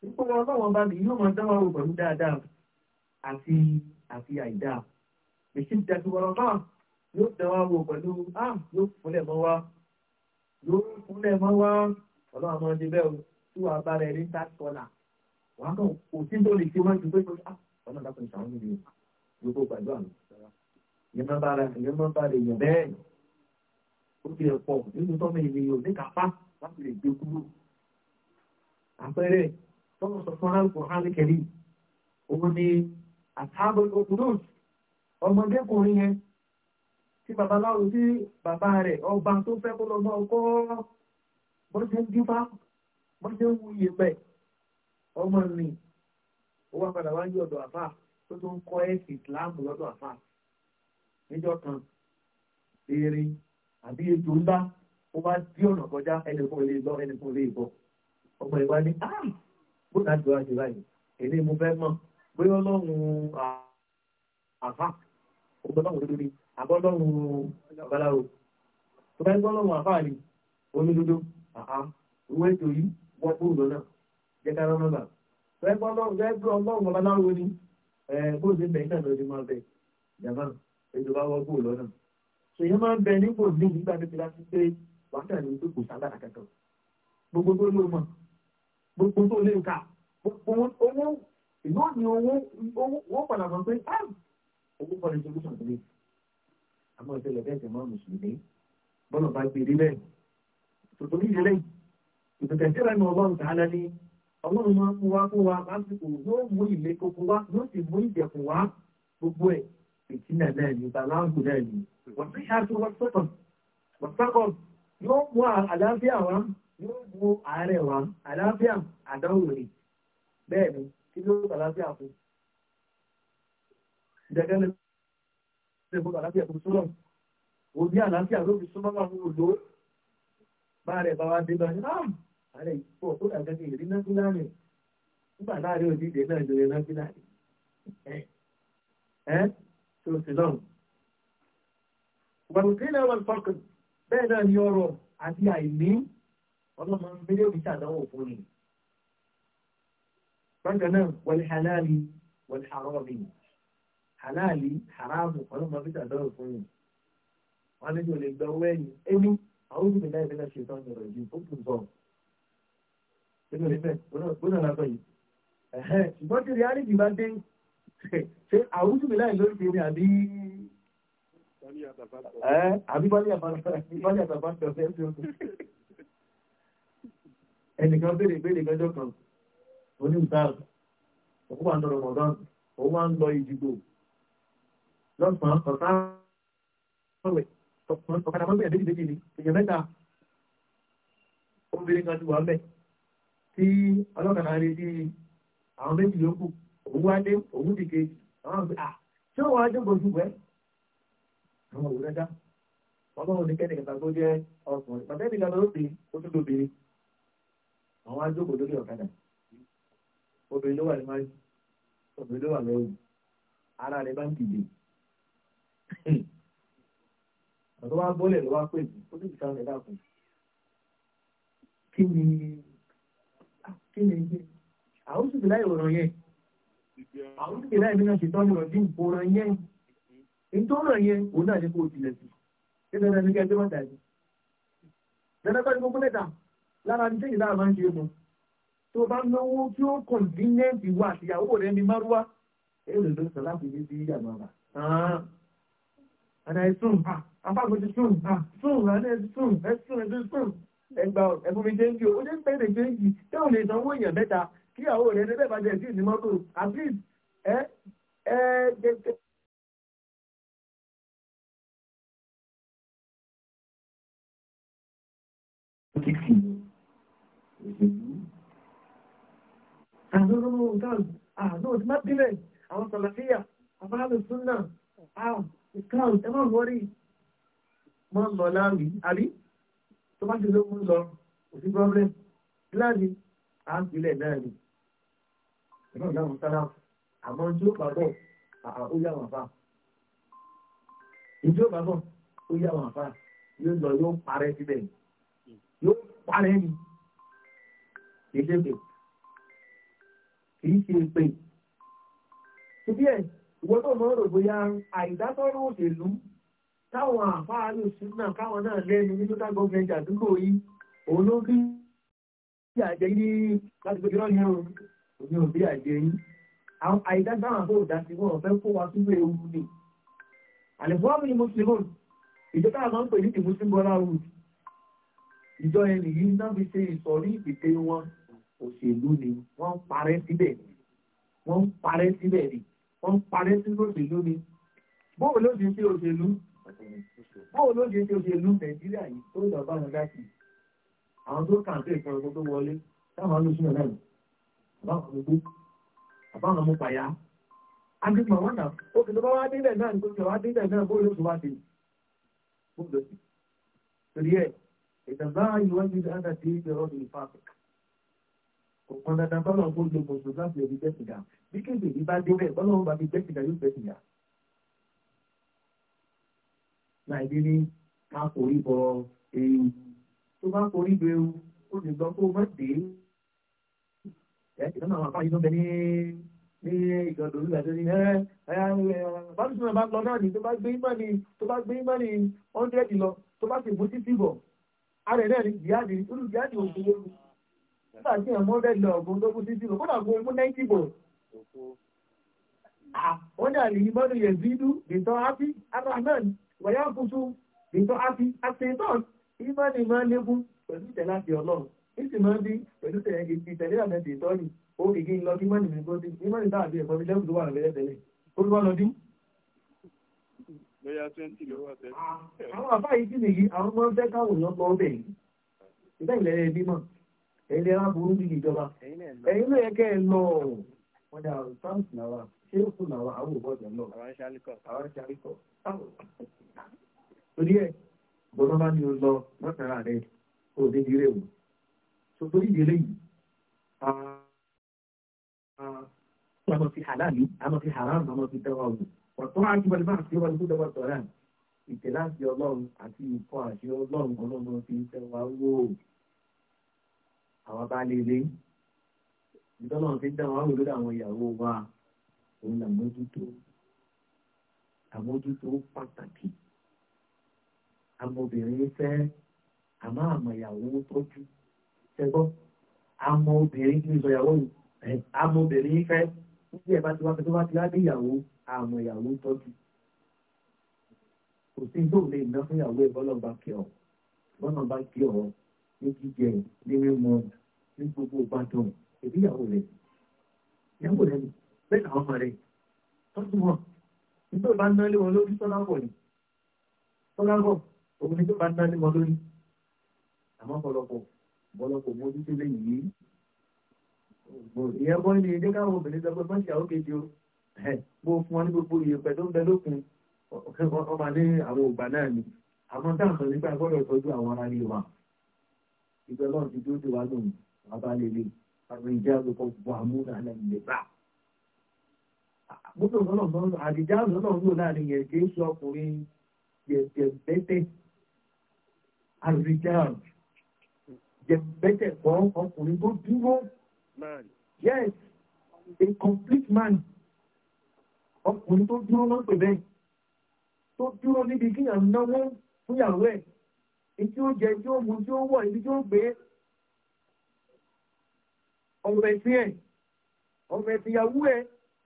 yóò máa dá wàá dáadáa àti àti àìdáa. èsì ìdàtúwọ̀rọ̀ náà yóò dẹwà wò pẹ̀lú ah yóò fúnlẹ̀ mọ́ wá yóò fúnlẹ̀ mọ́ wá ọlọ́run àmọ́ ti bẹ́ẹ̀ o tí wàá bá rẹ̀ ní third corner wàá kàn kò sí tó lè ṣe wọ́n ju pé ah ọlọ́run dákun ìṣàwọn níbi yóò kó gbàgbọ́ àná ìyẹn máa bá rẹ̀ ìyẹn máa bá rẹ̀ yẹn bẹ́ẹ̀ ó ti rẹ̀ pọ̀ nínú tọ́mọ ènìyàn ò ní kápá láti lè gbé kúrò àpẹẹrẹ tọ́mọ sọ fún aráàlú hàn kẹrí òun ni àtàbọ̀ tí babaláwo tí bàbá rẹ̀ ọba tó fẹ́ kó lọ́gbọ́n ọkọ́ bọ́dé ń dífá bọ́dé ń wu iyẹ̀pẹ̀ ọmọ mi ó wá padà wá yí ọ̀dọ̀ àfà tó tún kọ́ ẹ̀sìn ìsìláàmù lọ́dọ̀ àfà níjọ́ kan eré àbí ètò ńlá ó bá dí ọ̀nà kọjá ẹnìkan lè lọ ẹnìkan lè bọ̀ ọmọ ìwà ni á bó náà jọ àjọ báyìí èdè mo fẹ́ mọ̀ bóyá ọlọ́run àfà ó gbọ́dọ̀ wọ́n lórí àbọ́lọ́run babaláwo tó bá ń gbọ́ lọ́wọ́ àfáà ni onídodo àá ìwé ètò yìí wọ́n kúrò lọ́nà jẹ́ ká rán nọ́mbà tó bá ń gbọ́ lọ́wọ́ bẹ́ẹ̀ gbọ́ lọ́wọ́ babaláwo ni bó ṣe bẹ̀ nígbà lọ́dún máa bẹ̀ jàmá ètò bá wọ́n kúrò lọ́nà ṣèyàn máa ń bẹ nípò ní nígbà tó ti láti pé wàhálà ní pé kò sábà àkàtọ̀ gbogbo tó lè mọ̀ gbogbo tó lè kà gbogbo owó ìlú ò ní owó owó padà mọ̀ pé ah, owó kọ́ni solution to this àmọ́ ìṣẹ̀lẹ̀ bẹ́ẹ̀ tẹ̀ mọ́ mùsùlùmí bọ́lọ̀ bá gbèrè e bẹ́ẹ̀ tòtòrí ìṣẹ̀lẹ̀ ìtòkẹ̀síra ni ọlọ́run tààlà ni ọlọ́run máa ń mú wá fún wa lásìkò yóò mú ilé koko wá yóò sì mú ìjẹ̀kùn wá gbogbo ẹ̀ ìtìnà náà ni ìtàláǹkù náà ni wọ́n ti ṣáàtú wọ́n sọ́kọ̀ wọ́n sọ́kọ̀ yóò mú àlàáfíà wá yóò mú àárẹ̀ wá àlàáfíà àdánwò rẹ̀ bẹ́ẹ̀ ni kí ṣe gbọdọ̀ àlàáfíà tó súnmọ́ ò ní àlàáfíà ló fi súnmọ́ àwọn òdò bá rẹ̀ bá wa dé bá ní náà ààrẹ ìpò tó dàgbẹ́ ní ìrí náà fúlá rẹ̀ nígbà láàrin òdì ìdè náà lórí náà fúlá rẹ̀ ẹ́ tó sì lọ́n. wàlùkílẹ̀ wọn fọkàn bẹ́ẹ̀ náà ní ọrọ̀ àti àìní ọlọ́mọ mílíọ̀nù ṣàdánwò fún mi. bákan náà wọlé halali wọlé haram aláàlí haramu ọlọ́mọ peter dọ́rọ̀ fún yìí wọn ní kí o lè gbọ́ owó ẹ̀yìn ẹni àwọn olùkọ́ ìdá ìfẹ́lẹ́ ṣe tán yọrọ yìí ó kùn bọ̀ nínú ìfẹ́ gbọ́dọ̀ lásán yìí ṣùgbọ́n tí reality bá dé *laughs* ṣe àwọn olùkọ́ ìlànà lórí ti ní àbí àbí bọ́lí àbáfẹ́ ọ̀fẹ́ tí ó kù ẹnìkan béèrè béèrè gẹ́jọ́ kan oní ìta òkú wa ń lọ rọmọdán òun wa ń lọ ìdìbò lọs án ọ̀sán àwẹ̀ ọ̀kadà máa ń bẹ̀rẹ̀ ni èèyàn mẹ́ta obìnrin kan ti wà mẹ́ tí ọlọ́kadà rí bí àwọn méjì yòókù òun wá dé òun ti àwọn àgbẹ̀ à ṣé wọ́n jókòó àwọn ní kẹ́ni kẹta tó jẹ́ ọkùnrin pàtẹ́ ó tún àwọn jókòó lórí ọ̀kadà tó wá bọ́lẹ̀ ló wá pè mí ó sì sáré dàpọ̀ kí ni ah, kí ni àwọn sì ti láì ọ̀rọ̀ yẹn àwọn sì ti láì nínú ṣètò ọ̀rọ̀ tí ń bọ̀rọ̀ yẹn ìtọ́rọ̀ yẹn òun náà ní kó o tilẹ̀ sí ṣé dandan ní kẹjọ́ mọ́ta yìí dandan kọ́ ni kókó mẹ́ta lára ní sẹ́yìn lára máa ń ṣe mọ́ tó bá náwó tí ó kọ̀ǹdínẹ́ǹtì wà àtìyàwó rẹ̀ ní márúwá èèyàn ló sọ láti ní sí ìyàmọ́ and I soon, ah, I'm about the soon, ah, soon, and then soon, and soon, and then soon. Ẹgbà ẹ̀fún mi jẹ́ǹjì ó jẹ́ pẹ́ẹ́dẹ̀ jẹ́ǹjì tẹ́ ò lè sanwó èèyàn mẹ́ta kí àwọn òde ẹ̀dẹ́gbẹ́ bá jẹ́ sí ní mọ́tò at least ẹ ẹ jẹ́. Àwọn olóòtú àná òtí má bílẹ̀ àwọn sàlàfíà àbáàlù súnà àrùn ìkàrùn ẹ má wọrí mọ́ ń lọ láàrí àbí tó bá ti lókun lọ kò problem láàrin à ń pilẹ̀ náà ni ìrọ̀ láwọn sára àmọ́ tí ó pàbọ̀ ó yà wọ́n fà ìjọ pàbọ̀ ó yà wọ́n fà yóò lọ yóò parẹ́ síbẹ̀ yóò parẹ́ ni kì í ṣe pé kì ṣe pé ṣe bí ẹ̀ ìwọ́n tó mọ́ rò bóyá àìdátọ́rọ̀ òṣèlú táwọn àfáàrí òṣèlú náà káwọn náà lẹ́nu ní total government àdúgbò yìí òun ló bí bí àjẹ́ ní láti pé kírọ́ ní òun òní ò bí àjẹ́ yìí àwọn àìdágbàwọn àbó òdásí wọn ọ̀fẹ́ kó wa sínú ewu ni àlẹ́fọ́ àmì muslim ìjọ táà máa ń pè ní ti muslim brotherhood ìjọ ẹni yìí náà fi ṣe ìsọ̀rí ìpìtẹ́ wọn òṣèlú ni wọ́n parẹ́ síbẹ̀ wọ́n parẹ́ síbẹ̀ ni ó ń parẹ́ sí òṣèlú ni bóò ló ṣe sí òṣèlú bóò ló ṣe sí òṣèlú nàìjíríà yìí tó lọ bá wọn láti àwọn tó kàn sí ìkan ọgbọ́n tó wọlé táwọn olóṣèlú náà àbáwọn gbogbo àbáwọn ọmọ pàyà agbègbè wọn náà ó kìlọ̀ bá wá délẹ̀ náà ní kókè wá délẹ̀ náà bóò ló ṣe wá dé bóò ló ṣe torí ẹ ìtàn bá ìwádìí àdàdé ìgbẹ̀rọ̀ ìfàfẹ́ ọ̀pọ̀ dandan bọ́lá ń gbójú gbòòsùn láti ẹ̀rí bẹ́sìgà bí kéde yìí bá débẹ̀ bọ́lá ń bá fi bẹ́sìgà yóò bẹ́sìgà. nàìjírí ká forí bọ ewu tó bá forí bọ ewu ó lè gbọ́ kó má dé ẹ̀ ìdáná àwọn àpá yìí ló bẹ ní ní ìgbàdùn ìgbà tó ní ẹ ẹ bámsùn bá lọ náà ni tó bá gbé ìmọ̀ni tó bá gbé ìmọ̀ni hundred lọ tó bá sì bó títí bọ̀ ara ẹ̀ náà ni jihadi olùjihadi òṣèlú nígbà tí ẹ̀ mọ́rẹ́ lọ ọ̀gbọ́n tó kú sí dìbò kódà gbogbo mú náírà dìbò. wọ́n dà lè yíbọ́n yẹ̀ zídú bìtọ́ ápí abrahman wọ̀yá kùtù bìtọ́ ápí àṣetán ìmọ̀ni máa lékún pẹ̀lú ìtẹ̀lá ti ọlọ́run ìsì máa ń bí pẹ̀lú ìtẹ̀lé àmẹ́tì ìtọ́ni ó kìkì ń lọ kí mọ́ni mi gbọ́dí ìmọ̀ni dáàbí ẹ̀kọ́ mi lẹ́kùn tó wà lọ́lẹ́ tẹ́lẹ̀ olúwa lọ dín. lọ́yà twenty ló wà tẹ́lẹ̀. àwọn àfáà yìí sì nìyí àwọn ọmọ fẹ́ káwọn èèyàn lọ bẹ̀ yìí ìbẹ́ ẹ̀lẹ́ àbúrú ní ìjọba ẹ̀yìn náà ẹ̀kẹ́ lọ wọ́n dá sáǹsì náà wà ṣé ó kùn náà wà àwọn òbọ̀jẹ̀ náà àwọn ṣàlìkọ̀ torí ẹ̀ bọ́dọ́ bá ní o lọ lọ́tara rẹ̀ kó o débi rẹ̀ wò so torí ìdílé yìí àmọ́ ti halali àmọ́ ti haram àmọ́ ti tẹ́wà wò ọ̀tọ́ àjùmọ̀lẹ́ máa fi wọlé tó dẹ́wà tọ̀rẹ́ ìtẹ̀láṣẹ ọlọ́run àti ìkọ́ àṣẹ ọlọ́run ọlọ́run ti tẹ́wà wò àwọn bá lè rí ìtọ́nà fi dá wọn lórí àwọn ìyàwó wa òun làmójútó àmójútó pàtàkì àmọbìnrin fẹ́ àmọ́ àmọ̀ ìyàwó tọ́jú ṣẹgbọ́n àmọ́ obìnrin kì í sọ ìyàwó àmọ́ obìnrin fẹ́ níbi ẹ̀ bá ti wá fẹ́ tó bá ti wá dé ìyàwó àmọ̀ ìyàwó tọ́jú kò sí tó lè fún ìyàwó ẹ̀ bọ́lọ̀ bá kí ọ bọ́lọ̀ bá kí ọ ní jíjẹ ní mímọ ní gbogbo ìbátan ìbí ìyàwó rẹ̀ ìyàwó rẹ̀ bẹ́ẹ̀ làwọn ọmọ rẹ̀ tọ́jú wọn nígbà bá ná lé wọn lórí tọ́lábọ̀ ni tọ́lábọ̀ òun nígbà bá ná lé wọn lórí àmọ́ ọ̀pọ̀lọpọ̀ ọ̀pọ̀lọpọ̀ mojú tó lé yìí ìyẹn bọ́ ní ilé káwọn obìnrin sọ pé má ṣe àwọn kejì o mo fún wọn ní gbogbo ìyẹ̀pẹ̀ tó ń bẹ lókun ọmọ ní àwọn ògbà náà ni àmọ́ táwọn nígbà gbọ́dọ̀ tọ́jú àwọn ará rí wa ìgbẹ́ náà ti dúró wá lòun abalẹ̀lẹ̀ àrùjá lóko wàmúnà lẹ́yìn bá. gbogbo ọ̀nà náà àdìjá ọ̀nà náà lò láàrin yẹn kì í ṣe ọkùnrin jẹ̀bẹ́tẹ̀ àrùjá jẹ̀bẹ́tẹ̀ kọ́ ọkùnrin tó dúró yes a complete man ọkùnrin tó dúró lọ́pẹ̀ bẹ́ẹ̀ tó dúró níbi kíyàn náwó fúnyàwó ẹ̀ tí ó jẹ tí ó mú tí ó wọ̀ ibi tí ó gbé ọmọ ẹ̀sìn ẹ̀ ọmọ ẹ̀sìn ìyàwó ẹ̀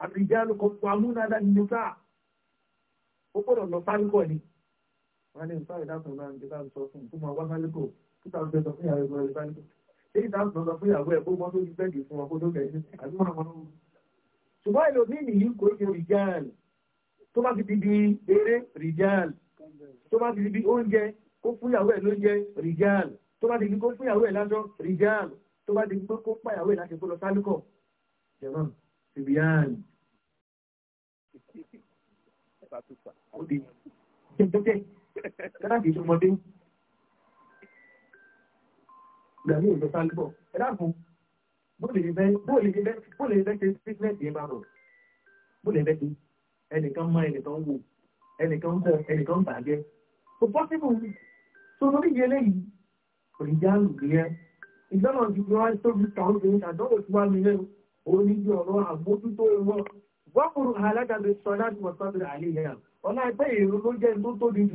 àbìjà lóko pàmúnadà nínú sáà ó gbọ́dọ̀ lọ sáńkọ̀ ni wọ́n ní ìfáà ìdákan náà nígbà tó sọ fún ìfúnmọ́ wá sáńkọ̀ títà ń sọ fún ìyàwó ẹ̀ sáńkọ̀ èyí tá à ń sọ fún ìyàwó ẹ̀ kó mọ́ tó ti bẹ́ẹ̀dì fún ọkọ̀ tó kẹ̀ àbí mọ́ àwọn ọmọ ṣùgbọ́n ìlò ní nìyí kò ṣe rìjáàlì tó bá ti di eré rìjáàlì tó bá ti di oúnjẹ kó fúnyàwó ẹ̀ ló jẹ́ rìjáàl tó bá ti di kó fúnyàwó ẹ̀ lásán rìjáàl tó bá ti di kó pàyàwó ẹ̀ láti kó lọ sálúkọ̀ jẹ̀mọ́ sibiyan. ó di jẹ́jọ́jẹ́ dára kì í ṣe ọmọdé gbàgbé ìlú sálúkọ̀ ẹ dákun bóòlù ìfẹ́ bóòlù ìfẹ́ bóòlù ìfẹ́ ṣe fífẹ́ẹ̀tì ẹ̀ bá rọ̀ bóòlù ìfẹ́ ṣe ẹnìkan mọ ẹnìkan wò ẹnìkan kọ ẹnìkan bàjẹ́ kò pọ́sibú tó tó díje léyìí kò ní já lùgbé ẹ ìgbọ́nà ju bí wọ́n tó fi tàwọn obìnrin àdánwò tí o mi lẹ́nu òun ní ju ọ̀rọ̀ àmójútó wọn wọ́pùrù alájàbẹ sọ láti wọ́n sábẹ̀ àlẹ́ yẹn ọlá ẹgbẹ́ èrò tọ́lábìlì tó ókè ọ̀rọ̀ rẹ̀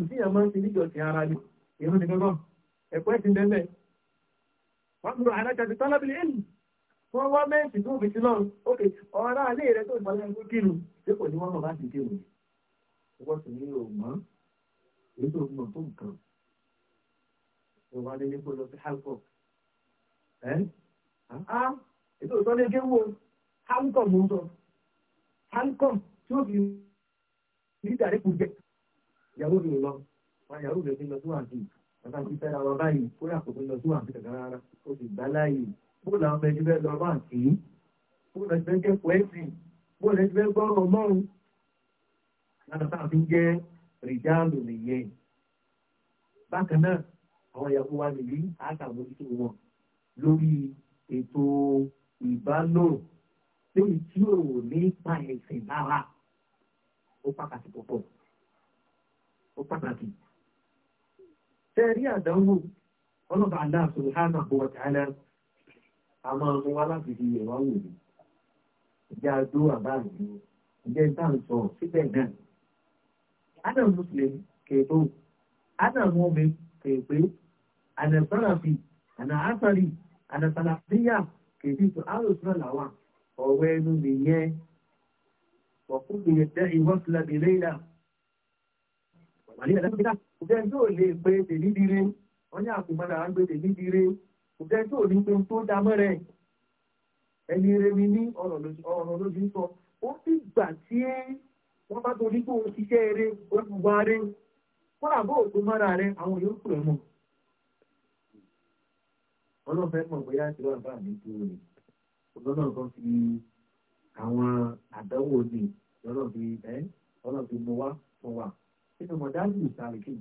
tó ẹgbẹ́ tí kò ní ló wá lé kó lọ sí halkọp ẹ á ètò ìtọ́lé kéwò halkọp ló ń sọ halkọp tí ó fi ní ìdàrí kù jẹ ìyàwó mi lọ wọn ìyàwó mi ò ní lọ sí wàǹtí bàbá mi fẹ́ra wa báyìí kó yà kó fi lọ sí wàǹtí kankan rárá ó sì gbá láàyè bó làwọn ọmọ ẹni fẹ́ lọ wàǹtí bó lọ fẹ́ jẹ́ pọ́ẹ́sì bó lọ fẹ́ gbọ́rọ̀ ọmọ́run látàtà fi jẹ́ rìjáàlù nìyẹn bákan náà àwọn ìyàwó wa nìyí àtàmójútó wọn lórí ètò ìbálò lórí tí ò ní pa ẹ̀sìn lára ó pàtàkì púpọ̀ ó pàtàkì. Tẹ́rí àdánwò ọlọ́ba Allah subhanahu wa ta'ala a máa mú wa láti fi ẹ̀wá wò ní. Ìjà àdó àbáàlú ìjẹ́ ìtàǹsọ̀ síbẹ̀ náà. Adam Muslim kẹ̀tọ́, Adam Mọ́mi kẹ̀pẹ́ àna sálàfì àna àtàrí àna sàlàfíyà kèsì tó àlùsùn làwà ọ̀wẹ́ ẹnu nìyẹn wọ̀kún mi yẹn tẹ́ ìwọ́sùlà ìlé ìlà wàlẹ́ ẹ̀dá ọ̀dẹ́ yóò lè pe tèmi dire wọ́n ní àkùnmọ́dà wá ń gbé tèmi dire ọ̀dẹ́ yóò ní pé tó dá mọ́rẹ̀ ẹni rẹmi ní ọ̀rọ̀ ló ti ń sọ ó sì gbà tí wọ́n bá torí pé òun ṣiṣẹ́ eré ó ti wá rẹ kọ́lá bó òkú mọ́ra rẹ àwọn yóò pè mọ́ ọlọ́run fẹ́ mọ̀ bóyá ti wà bá mi tó ni ọlọ́run kan fi àwọn àdánwò ni ọlọ́run fi ẹ́ ọlọ́run fi mú wá fún wa nínú mọ̀dájú ìsàlùkì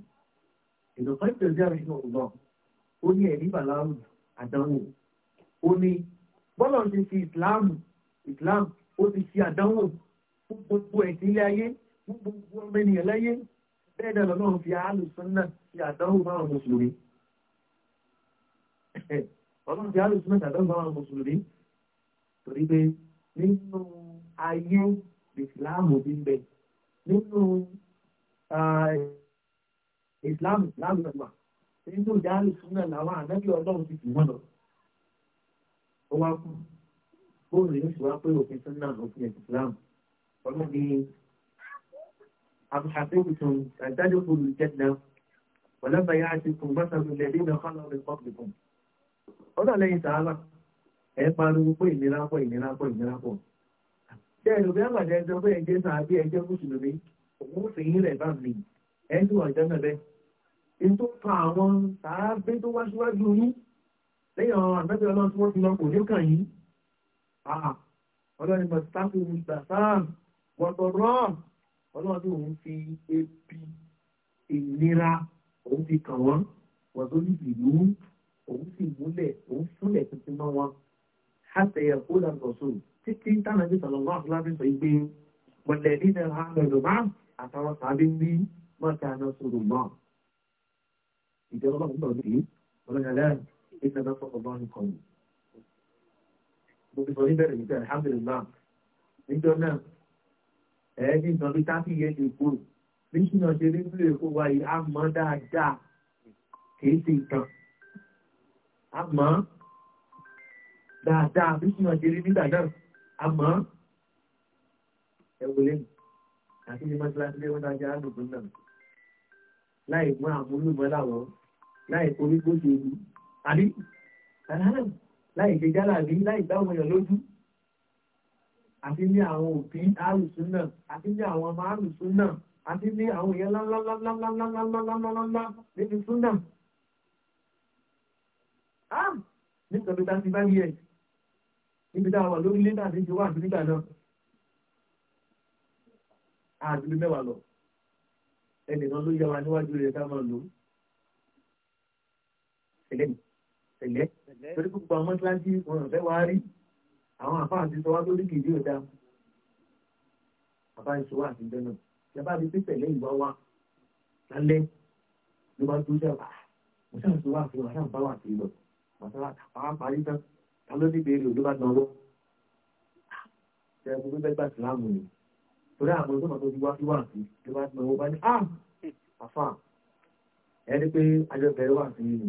ìdọ̀kan ìtẹ̀lẹ́dẹ́ àrùn ìṣúná ọ̀gbọ́n ó ní ẹ̀rí bàláàrù àdánwò ó ní bọ́lọ̀ ti fi ìsìláàmù ìsìláàmù ó ti fi àdánwò fún gbogbo ẹ̀sìn ilé ayé fún gbogbo ọmọ ènìyàn láyé bẹ́ẹ̀ dẹ̀ lọ́nà fi àálù sọ́nà fi àdánwò báwọn mùsùlùmí ọlọ́run ti àlùsùn mẹ́ta lọ́gbà àwọn mùsùlùmí torí pé nínú ayé ìsìláàmù ti ń bẹ nínú ìsìláàmù ìsìláàmù ẹ̀gbà nínú ìjà àlùsùn náà làwọn ànábì ọlọ́run ti jù wọ́n lọ ó wá kú bóòlù yóò sì wá pé òfin tó náà òfin ìsìláàmù ọlọ́run ni àbùsàbẹ̀wìtàn àdájọ́ olùjẹ́dá wọ̀lẹ́bàá yá àti kùnbọ́sàbẹ̀ lẹ́dínà fáwọn ọ̀rẹ́ pọ́blìkùn ọ̀dà lẹ́yìn tààlà ẹ̀ pariwo pé ìnira pọ̀ ìnira pọ̀ ìnira pọ̀ ṣe ẹ̀rọ bí àgbàdo ẹjọ́ pé ẹjẹ́ sáà bí ẹjẹ́ mùsùlùmí òun fi yín rẹ̀ bá mi ẹni ọ̀jọ́ náà bẹ́ẹ̀ ní tó fa àwọn sàábé tó wá síwájú yín lẹ́yìn àwọn àgbẹ̀bẹ̀ ọlọ́run tí wọ́n ti lọ kò ní kàn yín ọlọ́run mọ̀ sáfù gbà sáà wọ̀tọ̀rọ̀ ọlọ́run tí òun fi ebi ìnira òun fi kàn wọ́n wọ̀tọ̀ ní ìlú òun sì múlẹ̀ òun fúnlẹ̀ tuntun mọ́ wọn hàtẹ̀yẹ kó lọ sọ̀sọ̀ títí tánàbí sọ̀lọ́wọ́ àfúlábí sọ ìgbé wọ̀lẹ̀ nínú àmọ̀lù máa àtàwọn sàbí ní mọ́ta náà sọ̀rọ̀ náà. ìjọba ọlọ́run náà nìyí ọlọ́yàlẹ́ ìtàn náà sọ̀rọ̀ náà nìkan mo ti sọ níbẹ̀rẹ̀ níbẹ̀ alhamdulillah níjọ náà ẹ̀ẹ́dì nǹkan bí táàkì yẹn ti kú bí ṣùgbọ́n ṣe ní ìlú èkó wáyé á mọ́ dáadáa kì í sì tán àmọ́ dáadáa bí sinmi àti eré nígbà náà àmọ́ ẹ̀wò lẹ́nu àti ní mọ́tíláṣí lé wọ́n tá a jẹ́ àdùnkù náà láì mú àmúlùmọ́ làwọn láì forí gbóṣe ìlú àbí láì ṣe jálà bí láì gbá ọmọ èèyàn lójú àti ní àwọn òbí àrùsùn náà àti ní àwọn ọmọ àrùsùn náà àti ní àwọn èèyàn lálálálálálálálálálá níbi sún náà nítorí tá ti bá yẹ níbi tá a wà lórí lẹ́tà àti ìjọba àti nígbà náà àdúgbò mẹ́wàá lọ ẹnìkan ló yá wa níwájú rẹ̀ ká máa lò ó tẹ̀lé tẹ̀lé torí gbogbo àwọn mọ́tíláńtì wọn ò fẹ́ wá rí àwọn àfáà ti sọ wá lórí kìdí ọ̀dà bàbá ìṣòwò àtijọ́ náà ṣe bá rí pípẹ̀lẹ́ ìwà wa lálẹ́ ló bá tó ṣe àbá mo ṣàǹṣòwò àfihàn àṣàǹbáwà àti ìlọ́pọ̀ màtàlá àwọn parí tán ta ló ní béèrè òdó bá dán lọ ṣe é gbogbo gbẹgbà síláàmù ni torí àwọn ọmọ tó ti wá sí wà sí ló bá dán owó bá ní ah àfà ẹni pé ajọ bẹ̀rẹ̀ wà sí nínú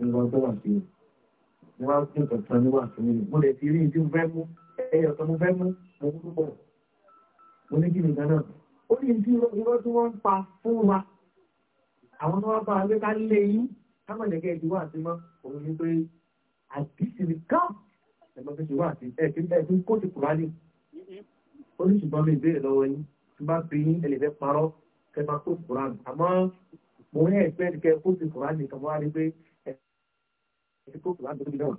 nǹkan tó wà sí mo wá sí nǹkan tán ní wà sí nínú mo lè ti rí ibi mo wọ́n ń pa fún táwọn ẹ̀gẹ́ ẹ̀dí wà sí mọ́ òun ni pé àdìsí ni ká ẹ̀gbọ́n fi ṣe wà sí ẹ̀kí ẹ̀kí kó ti kùrá ní. ó ní ṣùgbọ́n mi ìbéèrè lọ́wọ́ yín tí bá bí yín ẹ lè fẹ́ parọ́ kẹ máa kó kùrá ní àmọ́ mo ní ẹ̀fẹ́ kẹ kó ti kùrá ní kàmọ́ wá rí pé ẹ ti kó kùrá ní lórí náà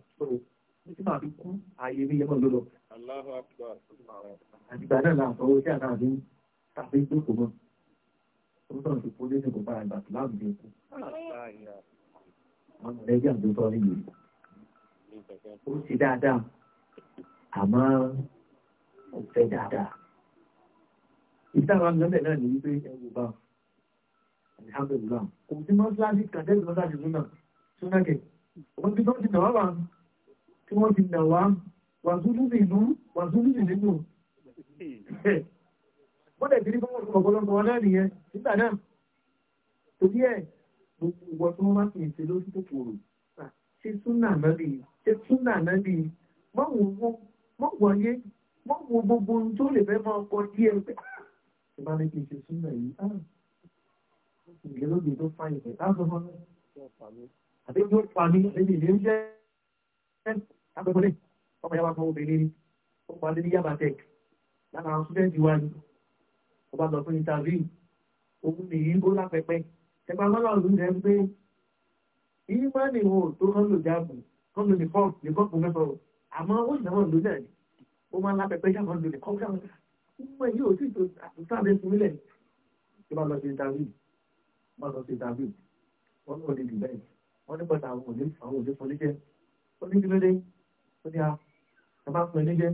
títí máa fi kú ààyè ní yẹmọ lọlọ. àtìgbà náà làwọn ọ̀rọ̀ iṣẹ́ àná àdéhùn tàbí ìjókòó mọ́. ó sọ̀rọ̀ ti kú lé ah, ọmọ rẹ̀ jẹ́ àdúgbò yìí ó sì dáadáa àmọ́ ó fẹ́ dáadáa ìtara ńlẹ́lẹ̀ náà ní wípé ẹwù bá alhamdulillah kò sí mọ́síláṣí kàtẹ́lì mọ́síláṣí súnà súnà wọ́n ti tọ́jú nà wá wá tí wọ́n ti nà wá wàzúlù nínú wàzúlù nínú wọ́n dẹ̀ ti rí fún ọ̀pọ̀lọpọ̀ wọn náà nìyẹn nígbà náà torí ẹ̀ gbogbo ìwọ tí wọ́n bá fi ìṣe lórí kòkòrò ṣe súnà nábì ṣe súnà nábì mọ̀ wọ̀nyé mọ̀ wọ gbogbo ohun tó lè fẹ́ máa kọ díẹ̀ pé ah! ṣe bá ní kí n ṣe súnà yìí ah! ìgbélódé tó fáyìn pé láti fọ́n àti tó pa mí lẹ́yìn ìlú ń jẹ́ agbẹ́kọ̀lẹ́ ọmọ yàrá fún obìnrin ó pa lé ní yabatec lára àwọn súdẹ́ǹtì wa ni ọba lọ fún ìtàvíì òun nìyí ó lápẹpẹ ẹgbà mọ́lọ́rùn rẹ̀ pé ìmọ̀ni wo tó kán lò jáàbù kán lò nìkọ́ nìkọ́ kò mẹ́fọ́ o àmọ́ ó sì náà lò náà ni ó máa ń lápẹpẹ ṣáà kan lò nìkọ́ ṣáà mọ èyí ò sì tó sáàbẹ̀ fúnilẹ̀ tí wọ́n lọ sí ìtàwí wọ́n lọ sí ìtàwí wọ́n ní òde ìgbà yìí wọ́n ní pẹ̀lú àwọn òde àwọn òde fún níjẹ́ ó ní kí ló dé ó ní a ah, bá fún ẹ níjẹ́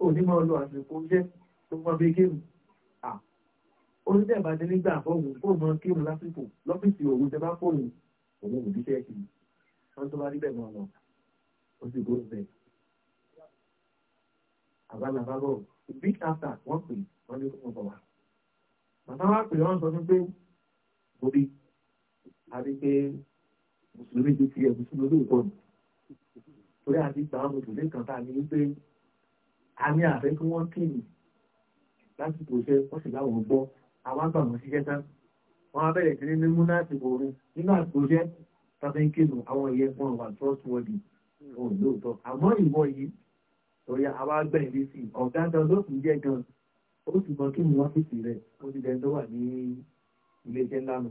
ó ní máa lo àsìkò jẹ́ tó mọ bí géèmù oníṣẹ́ ìbàdí nígbà fóònù fóònù kírun lásìkò lọ́fíìsì òru tẹ bá fóònù òun ò díṣẹ́ sí wọ́n tó bá rí bẹ̀rẹ̀ ọ̀nà ó sì gbóòrò bẹ́ẹ̀. àbálàbábọ̀ big after wọ́n pè wọ́n ní kókò wá. bàbá wa pè wọ́n sọ fún pé bobi àti pé mùsùlùmí ti fi ẹ̀bùn sínú olóòótọ́ nù. torí àti gbà wọn mùsùlùmí kan tá a ní wípé a ní àfẹ́ kí wọ́n kírun àwọn àgbà wọn ṣiṣẹ́ tán wọn á bẹ̀rẹ̀ sí ní mímú láti bòrò nínú àtòjẹ́ tàbí kínú àwọn ìyẹn wọn wà trustworthy òun lóòótọ́ àmọ́ ìwọ yìí lọ́yà àwa gbẹ̀yìn lé sí ọ̀gá gan ló jẹ́ gan ó sì mọ kí ni wọ́n fi sí rẹ̀ ó ti dẹni tó wà ní iléeṣẹ́ ńlá nù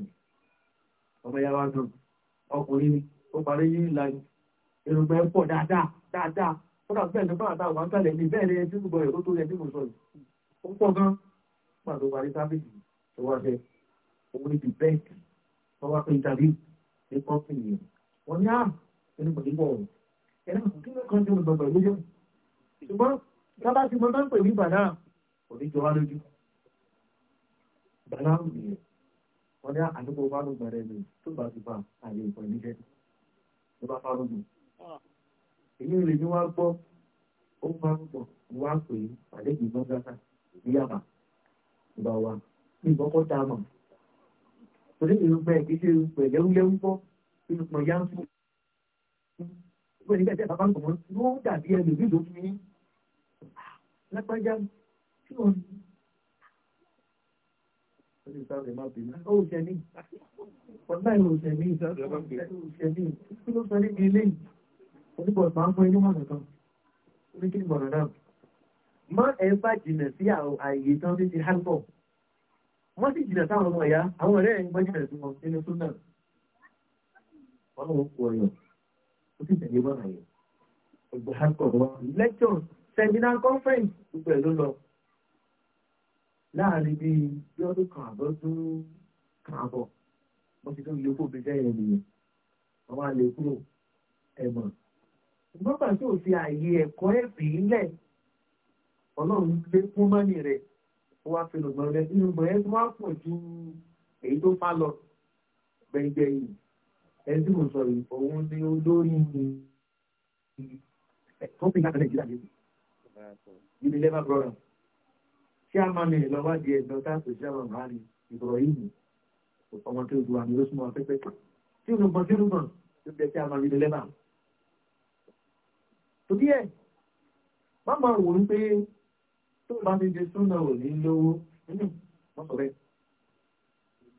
ọmọ yàrá dùn ọkùnrin ni ó parí yìí láyé èròǹgbà pọ̀ dáadáa dáadáa fúnra bẹ́ẹ̀ ni bá àtàwọn àgbàlẹ̀ bẹ́ẹ̀ ni ẹ nígbà tó parí sáfíìsì tó wá ṣe owó níbi bẹ́ẹ̀kì wọ́n wá pé ìtàbí ní kọ́ńtìnì yẹn wọ́n ní àmì nínú pẹ̀lú ìwọ̀ ọ̀hún ẹ̀rọ kí ló kàn jẹun gbọ̀ngbọ̀n lójú ṣùgbọ́n lábá ti mọ tán pẹ̀lú ìbàdà kò ní jọ wá lójú ìbàdà ń bìyẹn wọ́n ní ah, àdúgbò bá ló gbẹ̀rẹ̀ mi tó bá ti bá àyè ìpọ̀ níṣẹ́ ló bá fárún mi èyí lè ní wá gbọ́ ó fárún pọ̀ wá pè é pàdé ìgbọ́n gásà ìgbéyàwó bá wa ìgbọ́kọ́ tá a mọ̀ torí irúgbẹ́ ìdíje irúgbẹ́ lẹ́wúlẹ́wú bọ́ irúgbọ̀n yá ń fún wọ́n nígbà tí a bàbá ń gbọ̀mọ́ ló dàbí ẹ lòdì ló fi yín lápájá tí wọ́n ní. ó ti sáré má bínú ó ṣe ní ọ̀dà ìlú ṣe ní ṣe ní kí ló sọ níbi ilé yìí oníbọ̀sán á fún ẹni mọ̀nà kan oníkìlì mọ̀nà náà má ẹ bá jìnà sí àyè tán tí ti hálpọ̀ wọ́n sì jìnà sáwọn ọmọ ìyá àwọn ọ̀rẹ́ ẹ̀yìn gbọ́jìnà sí wọn nínú súnà wọ́n lọ́wọ́ kú ọyọ̀ ó sì tẹ̀lé wọn àyè ọgbẹ́ hálpọ̀ wọn lectures seminar conference gbogbo ẹ̀ ló lọ láàrin bíi bí ọdún kan àbọ̀dún kan àbọ̀ wọ́n ti tún yòókù bí sẹ́yìn ènìyàn wọ́n wá lè kúrò ẹ̀mọ̀ ìgbọ́gbà tó fi ọlọ́run lé fún mọ́nì rẹ̀ ó wá fi lùgbọ́n rẹ̀ nínú gbọ̀n ẹ́ tó wá pọ̀ ju èyí tó fá lọ gbẹ̀ngbẹ̀yìn ẹni tí mo sọ yìí òun ni olórí tó fi láti nàìjíríà lé níbi lẹ́bà brọ́dà tí a máa nìyẹn lọ́wọ́ di ẹ̀dọ́ tá a sì ṣe àwọn ọ̀gá rẹ̀ ìbọ̀rọ̀ yìí ọmọ tó ju àmì lóṣù mọ́ afẹ́fẹ́ tí o gbọ́n tí o gbọ́n tó bẹ tí a máa níbi lẹ́bà. Tòbí ẹ̀ má máa wò ó pé tó bá ti di súnà ò ní lówó wọ́n sọ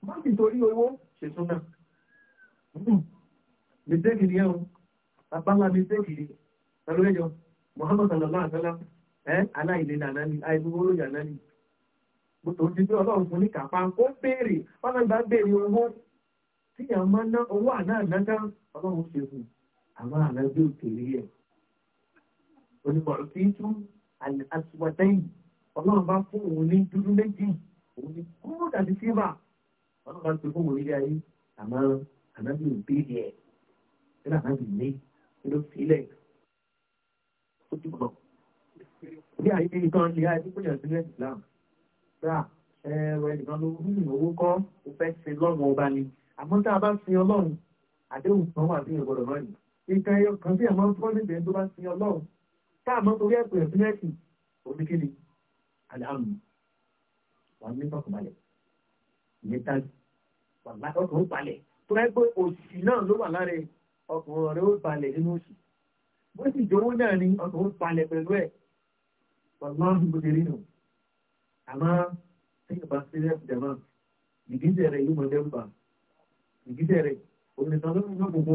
má ti torí owó ṣe súnà ni apáńlá ni Muhammad sallallahu alaihi wasallam ẹ̀ aláìlera gbogbo ti fún ní kàpá ó béèrè béèrè owó tí a máa ná owó àná àdájá ọlọ́run ṣe fún àwọn bí àsùwọ̀tẹ́yìn ọlọ́run bá fún òun ní dúdú méjì òun ní kúrò tàbí sílvà ọlọ́run bá gbé fún òun nílé ayé àmọ́ ànábì ò béèrè ẹ̀ nínú ànábì ní nínú sílẹ̀ ó ti bọ̀. ní ayé nìkan ní ayé pípé yàn sílẹ̀ islam gbà ẹ̀rọ ẹnìkan ló ń owó kọ́ ó fẹ́ ṣe lọ́rùn ọba ni àmọ́ tá a bá sin ọlọ́run àdéhùn kan wà sí ìgbọ̀dọ̀ náà yìí ìkan ẹyọ kan sí àmọ́ fọ́nìbẹ̀ẹ́ tó bá sin ọlọ́run táàmọ́ torí ẹ̀pẹ̀ ẹ̀fúnẹ́sì oníkíni aláàmù wà ní pàkùnbalẹ̀ níta wà látọ̀tọ̀ ó balẹ̀ tó ẹ pé òsì náà ló wà lára ọkùnrin rẹ ó balẹ̀ nínú òsì bó sì jówó náà ni ọkùnrin ó balẹ̀ pẹ̀lú ẹ̀ wà láàmù bó ti rí nù àmọ́ tẹ́yìn bá sílẹ̀ jẹ̀mọ́ rẹ̀ yìí mọ̀ lẹ́mbà ìdíjẹ̀ rẹ̀ òmìnira ló ń gbọ́ gbogbo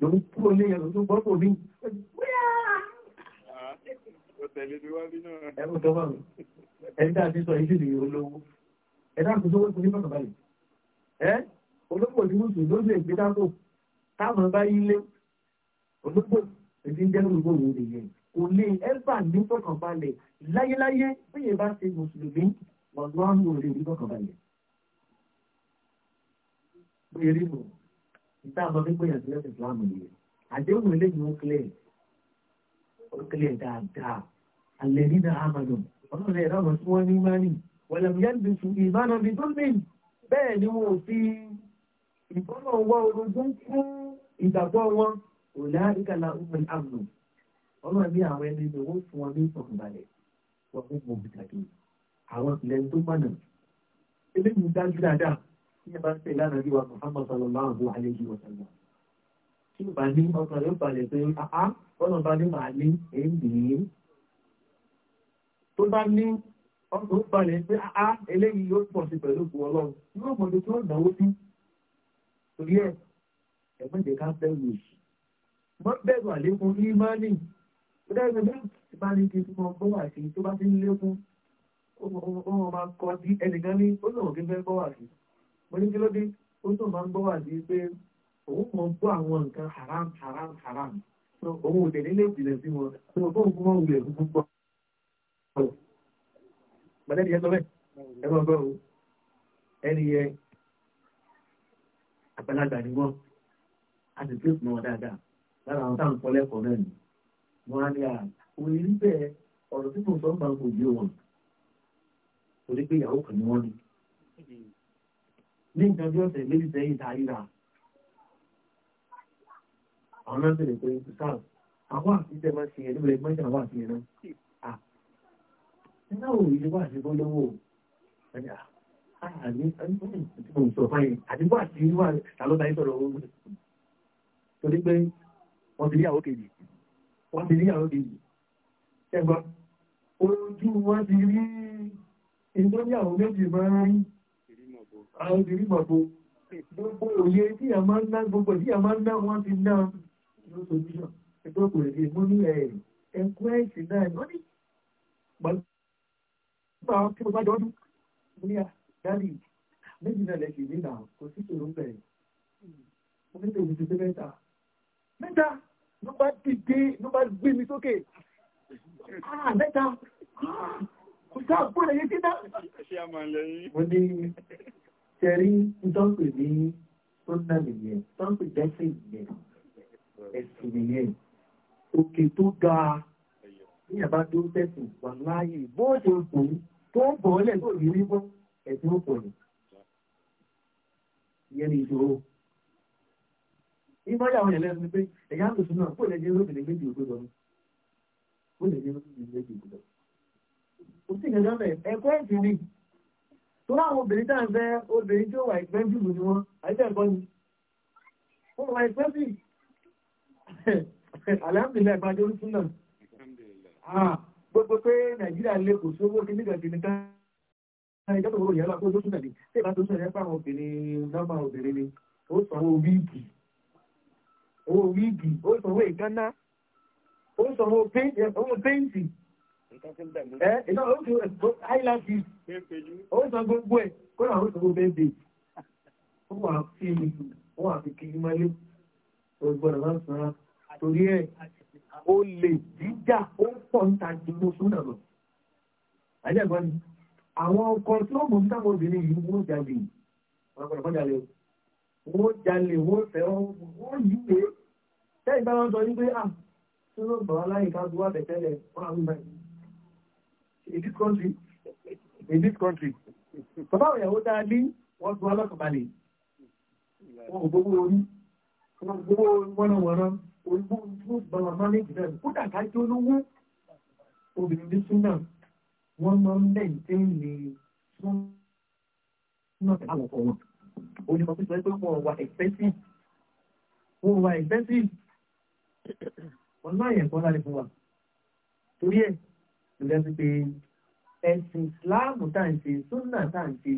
ló ń kú olé ẹ̀rọ tó gbọ́pọ̀ mí ẹ̀rọ tó wà mí ẹni tá a ti sọ yìí sì ní olówó ẹ̀dá kò sówó kò ní mọ̀nà báyìí ẹ́ olóko ní mùsùlùmí ló sì gbé dáko táwọn bá yí lé olóko èdè ń jẹ́ olùkó òun nìyẹn kò lè ẹ́fà ní fọkànbalẹ̀ láyéláyé bíyẹn bá ṣe mùsùlùmí wọ́n lọ́wọ́ ń lò lè ní fọkànbalẹ̀ bóyá rí mùsùlùmí ìta àbọ̀ pípé yàn sílẹ̀ sí islam yìí àdéhùn eléyìí ó kílẹ̀ ó kílẹ̀ dáadáa alẹ́ nínú amadu ọlọ́run ẹ̀rọ àwọn tí wọ́n ní mánì wọ̀lẹ̀ mìíràn bí sùn ìmánu bí tó mìn bẹ́ẹ̀ ni wọn ò fi ìfọ́nà wọ orogún fún ìgbàgbọ́ wọn ò láàríkàlà ọmọdé àmì ọlọ́run bí àwọn ẹni ìdòwò fún wọn ní ìfọ̀kànbalẹ̀ wọ́n fún gbòǹgbò tàbí àwọn ìlẹ́ni tó mọ̀nà tí bá pè lánà bí wa Muhammad sallallahu alayhi wa sallam tí bá ní ọkàn yóò balẹ̀ pé àá ọ̀nà bá ní màá ní èyí tó bá ní ọkàn ó balẹ̀ pé àá eléyìí yóò pọ̀ sí pẹ̀lú òkú ọlọ́run yóò mọ̀ tó náwó sí torí ẹ̀ ẹ̀gbọ́n ìdè ká bẹ̀rù òṣì wọ́n bẹ̀rù àlékún ní mánì tó dájú ó máa mo ní kí ló dé ó tó máa ń gbọ́ wà sí pé òun mọ̀ gbọ́ àwọn nǹkan haram haram haram so òun ò dẹ̀ nílé ìpìlẹ̀ sí wọn so òun fún wọn wulẹ̀ fún púpọ̀. Bàdé ni ẹ sọ bẹ́ẹ̀ ẹ máa bọ̀ o ẹni yẹ àgbàlagbà ni wọ́n a sì tún mọ̀ dáadáa lára àwọn táwọn kọ́ náà ni wọ́n á ní à òun yìí bẹ́ẹ̀ ọ̀rọ̀ tí mo sọ máa ń kò yé wọn torí pé ìyàwó kan ni wọ́n ní ní nǹkan bí ọ̀sẹ̀ méjì sẹ́yìn ta àwọn náà bèrè pé sáà àwọn àfihàn máa ṣe ẹ̀rí rẹ̀ mọ́jà wà sí ẹ̀rọ ẹ̀rọ ìlú wà sí bọ́lọ́wọ́ àdìbò àti ìlú wà tàlọ́ta ìsọ̀rọ̀ ohun torí pé wọ́n ti níyàwó kejì wọ́n ti níyàwó kejì ẹgbọ́n ojú wọ́n ti rí ìjọ́ níyàwó méjì máa ń rí àwọn ìdírí mọ̀bó gbogbo òye tí a máa ń ná gbogbo tí a máa ń ná wọ́n ti ná ló sojúṣọ̀ ẹgbẹ́ òkú èdè mú ní ẹ̀kọ́ ẹ̀sìn náà ní ọ́nì gbà tí mo bá dọ́dún mo ní àdáàlì méjì náà lẹ́sìn ní nà kò sí ìṣòro ń bẹ̀rẹ̀ mo ní tòun ti dé mẹ́ta mẹ́ta ló bá dìde ló bá gbé mi sókè ah, mẹ́ta ah, kò sáà gbọ́dọ̀ yé títà. mo ní tẹ̀rí ìtọ́pẹ̀ ní sọ́nà nìyẹn tọ́pẹ̀ dẹ́sẹ̀ nìyẹn ẹ̀sìn nìyẹn òkè tó ga ní àbá tó tẹ̀sùn wà láàyè bó ṣe ń pòun tó ń bọ̀ ọ́lẹ̀ tó rí rí bọ́ pọ̀ nù ìyẹn ni ìṣòro ìmọ̀ yàwọn yẹn lẹ́nu pé ẹ̀yà ń lòsùn náà kó lè jẹ́ lóbìnrin méjì òkúdọ̀ kó lè jẹ́ lóbìnrin méjì òkúdọ̀ kò sí ìgbẹ́jọ́ bẹ́ẹ̀ ẹ̀kọ́ ẹ̀sìn ni tó láwọn obìnrin tá à ń fẹ́ obìnrin tí ó wà expensive ni wọ́n àìsàn ẹ̀kọ́ ni ó wà expensive alhamdulilayi ìpàdé orí fún náà ah, gbogbo pé nàìjíríà lè kò sí owó kìnnìkan kìnnìkan ìjọba owó ìyàlá kó lóṣù tẹ̀lé tí ìbá tó sọ̀rọ̀ ẹ̀pá àwọn obìnrin nọ́mbà obìnrin ni ó sọ owó wíìgì owó wíìgì ó sọ owó ìkánná ó sọ owó péǹtì ẹ ìtàn ó ti highlight ó sọ gbogbo ẹ kó náà ó sọ gbogbo ẹ ó wà fi ó wà fi kiri mọ́lé ògbọ́dọ̀ máa sàn án torí ẹ o lè jíjà ó pọ̀ ń ta gbogbo súnà lọ. àjẹgbọ́n ni àwọn ọkọ tí ó mọ̀ ń táwọn obìnrin yìí wọ́n jalè wọ́n gbọ́dọ̀ fọ́n jalè wọ́n jalè wọ́n fẹ́ràn wọ́n yíwèé tẹ́yìn bá wọn sọ wípé à tí wọ́n gbọ́ aláìka tó wà tẹ̀tẹ́lẹ̀ wọ́n á ń in this country in this country bàbá àwọn ìyàwó dáa ní wọ́n tún alákọ̀ọ́balẹ̀ wọn ò gbogbo orí wọn gbogbo wọ́nàwọ̀nà orúkú tó bàbá manage them kódà ká tó lówó obìnrin ní súnà wọ́n máa ń bẹ̀ tí ń lè sún náà tẹ̀lé àwọn ọ̀wọ̀n onímọ̀ pípẹ́ pé wọ́n wà expensive wọ́n wà expensive wọ́n náà yẹ̀ kọ́ láti fún wa torí ẹ̀ ló jẹ́ pé ẹ̀sìn ìsìláàmù tàǹtì súnà tàǹtì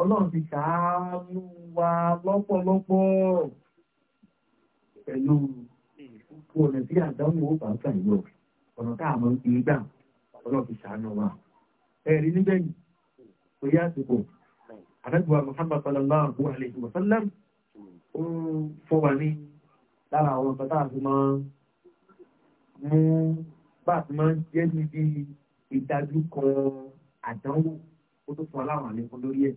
ọlọ́run ti ṣàánú wa lọ́pọ̀lọpọ̀ pẹ̀lú gbogbo ọ̀nà tí àdánwò ó bá gbà yọ ọ̀nà tá a mọ̀ ní gbà ọlọ́run ti ṣàánú wa. ẹ̀rí nígbẹ̀yìn kò yá àsìkò àdágbà Muhammad sallallahu alayhi wa sallam ó fọwọ́ ní lára àwọn ọ̀sán tá a fi máa mú bá a ti máa ń jẹ́ níbi ìdájú kan àdánwò ó tó fún aláwọ̀ àlékún lórí ẹ̀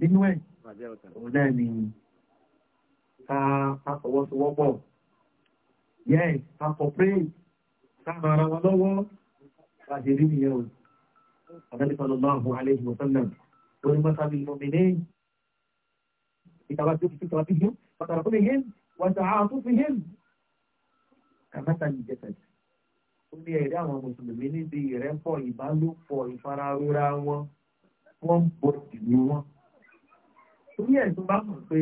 nínú ẹ̀ òun náà ni ká fọwọ́sowọ́pọ̀ yẹ́n ká cooperate ká ran ara wọn lọ́wọ́ bá ṣe rí nìyẹn o àdáni sallallahu alayhi wa sallam lórí mọ́sábì mọ́mìnín ìtàwá tó fi sí tọ́wá bí yẹn pàtàkì fún mi yẹn wàtà àtúnfi yẹn kàmátà ní jẹ́sẹ̀sì ó ní ẹ̀rí àwọn mùsùlùmí níbi ìrẹ́pọ̀ ìbálòpọ̀ ìfararora wọn wọ́n ń bọ̀ ìlú wọn. torí ẹ̀ tó bá mọ̀ pé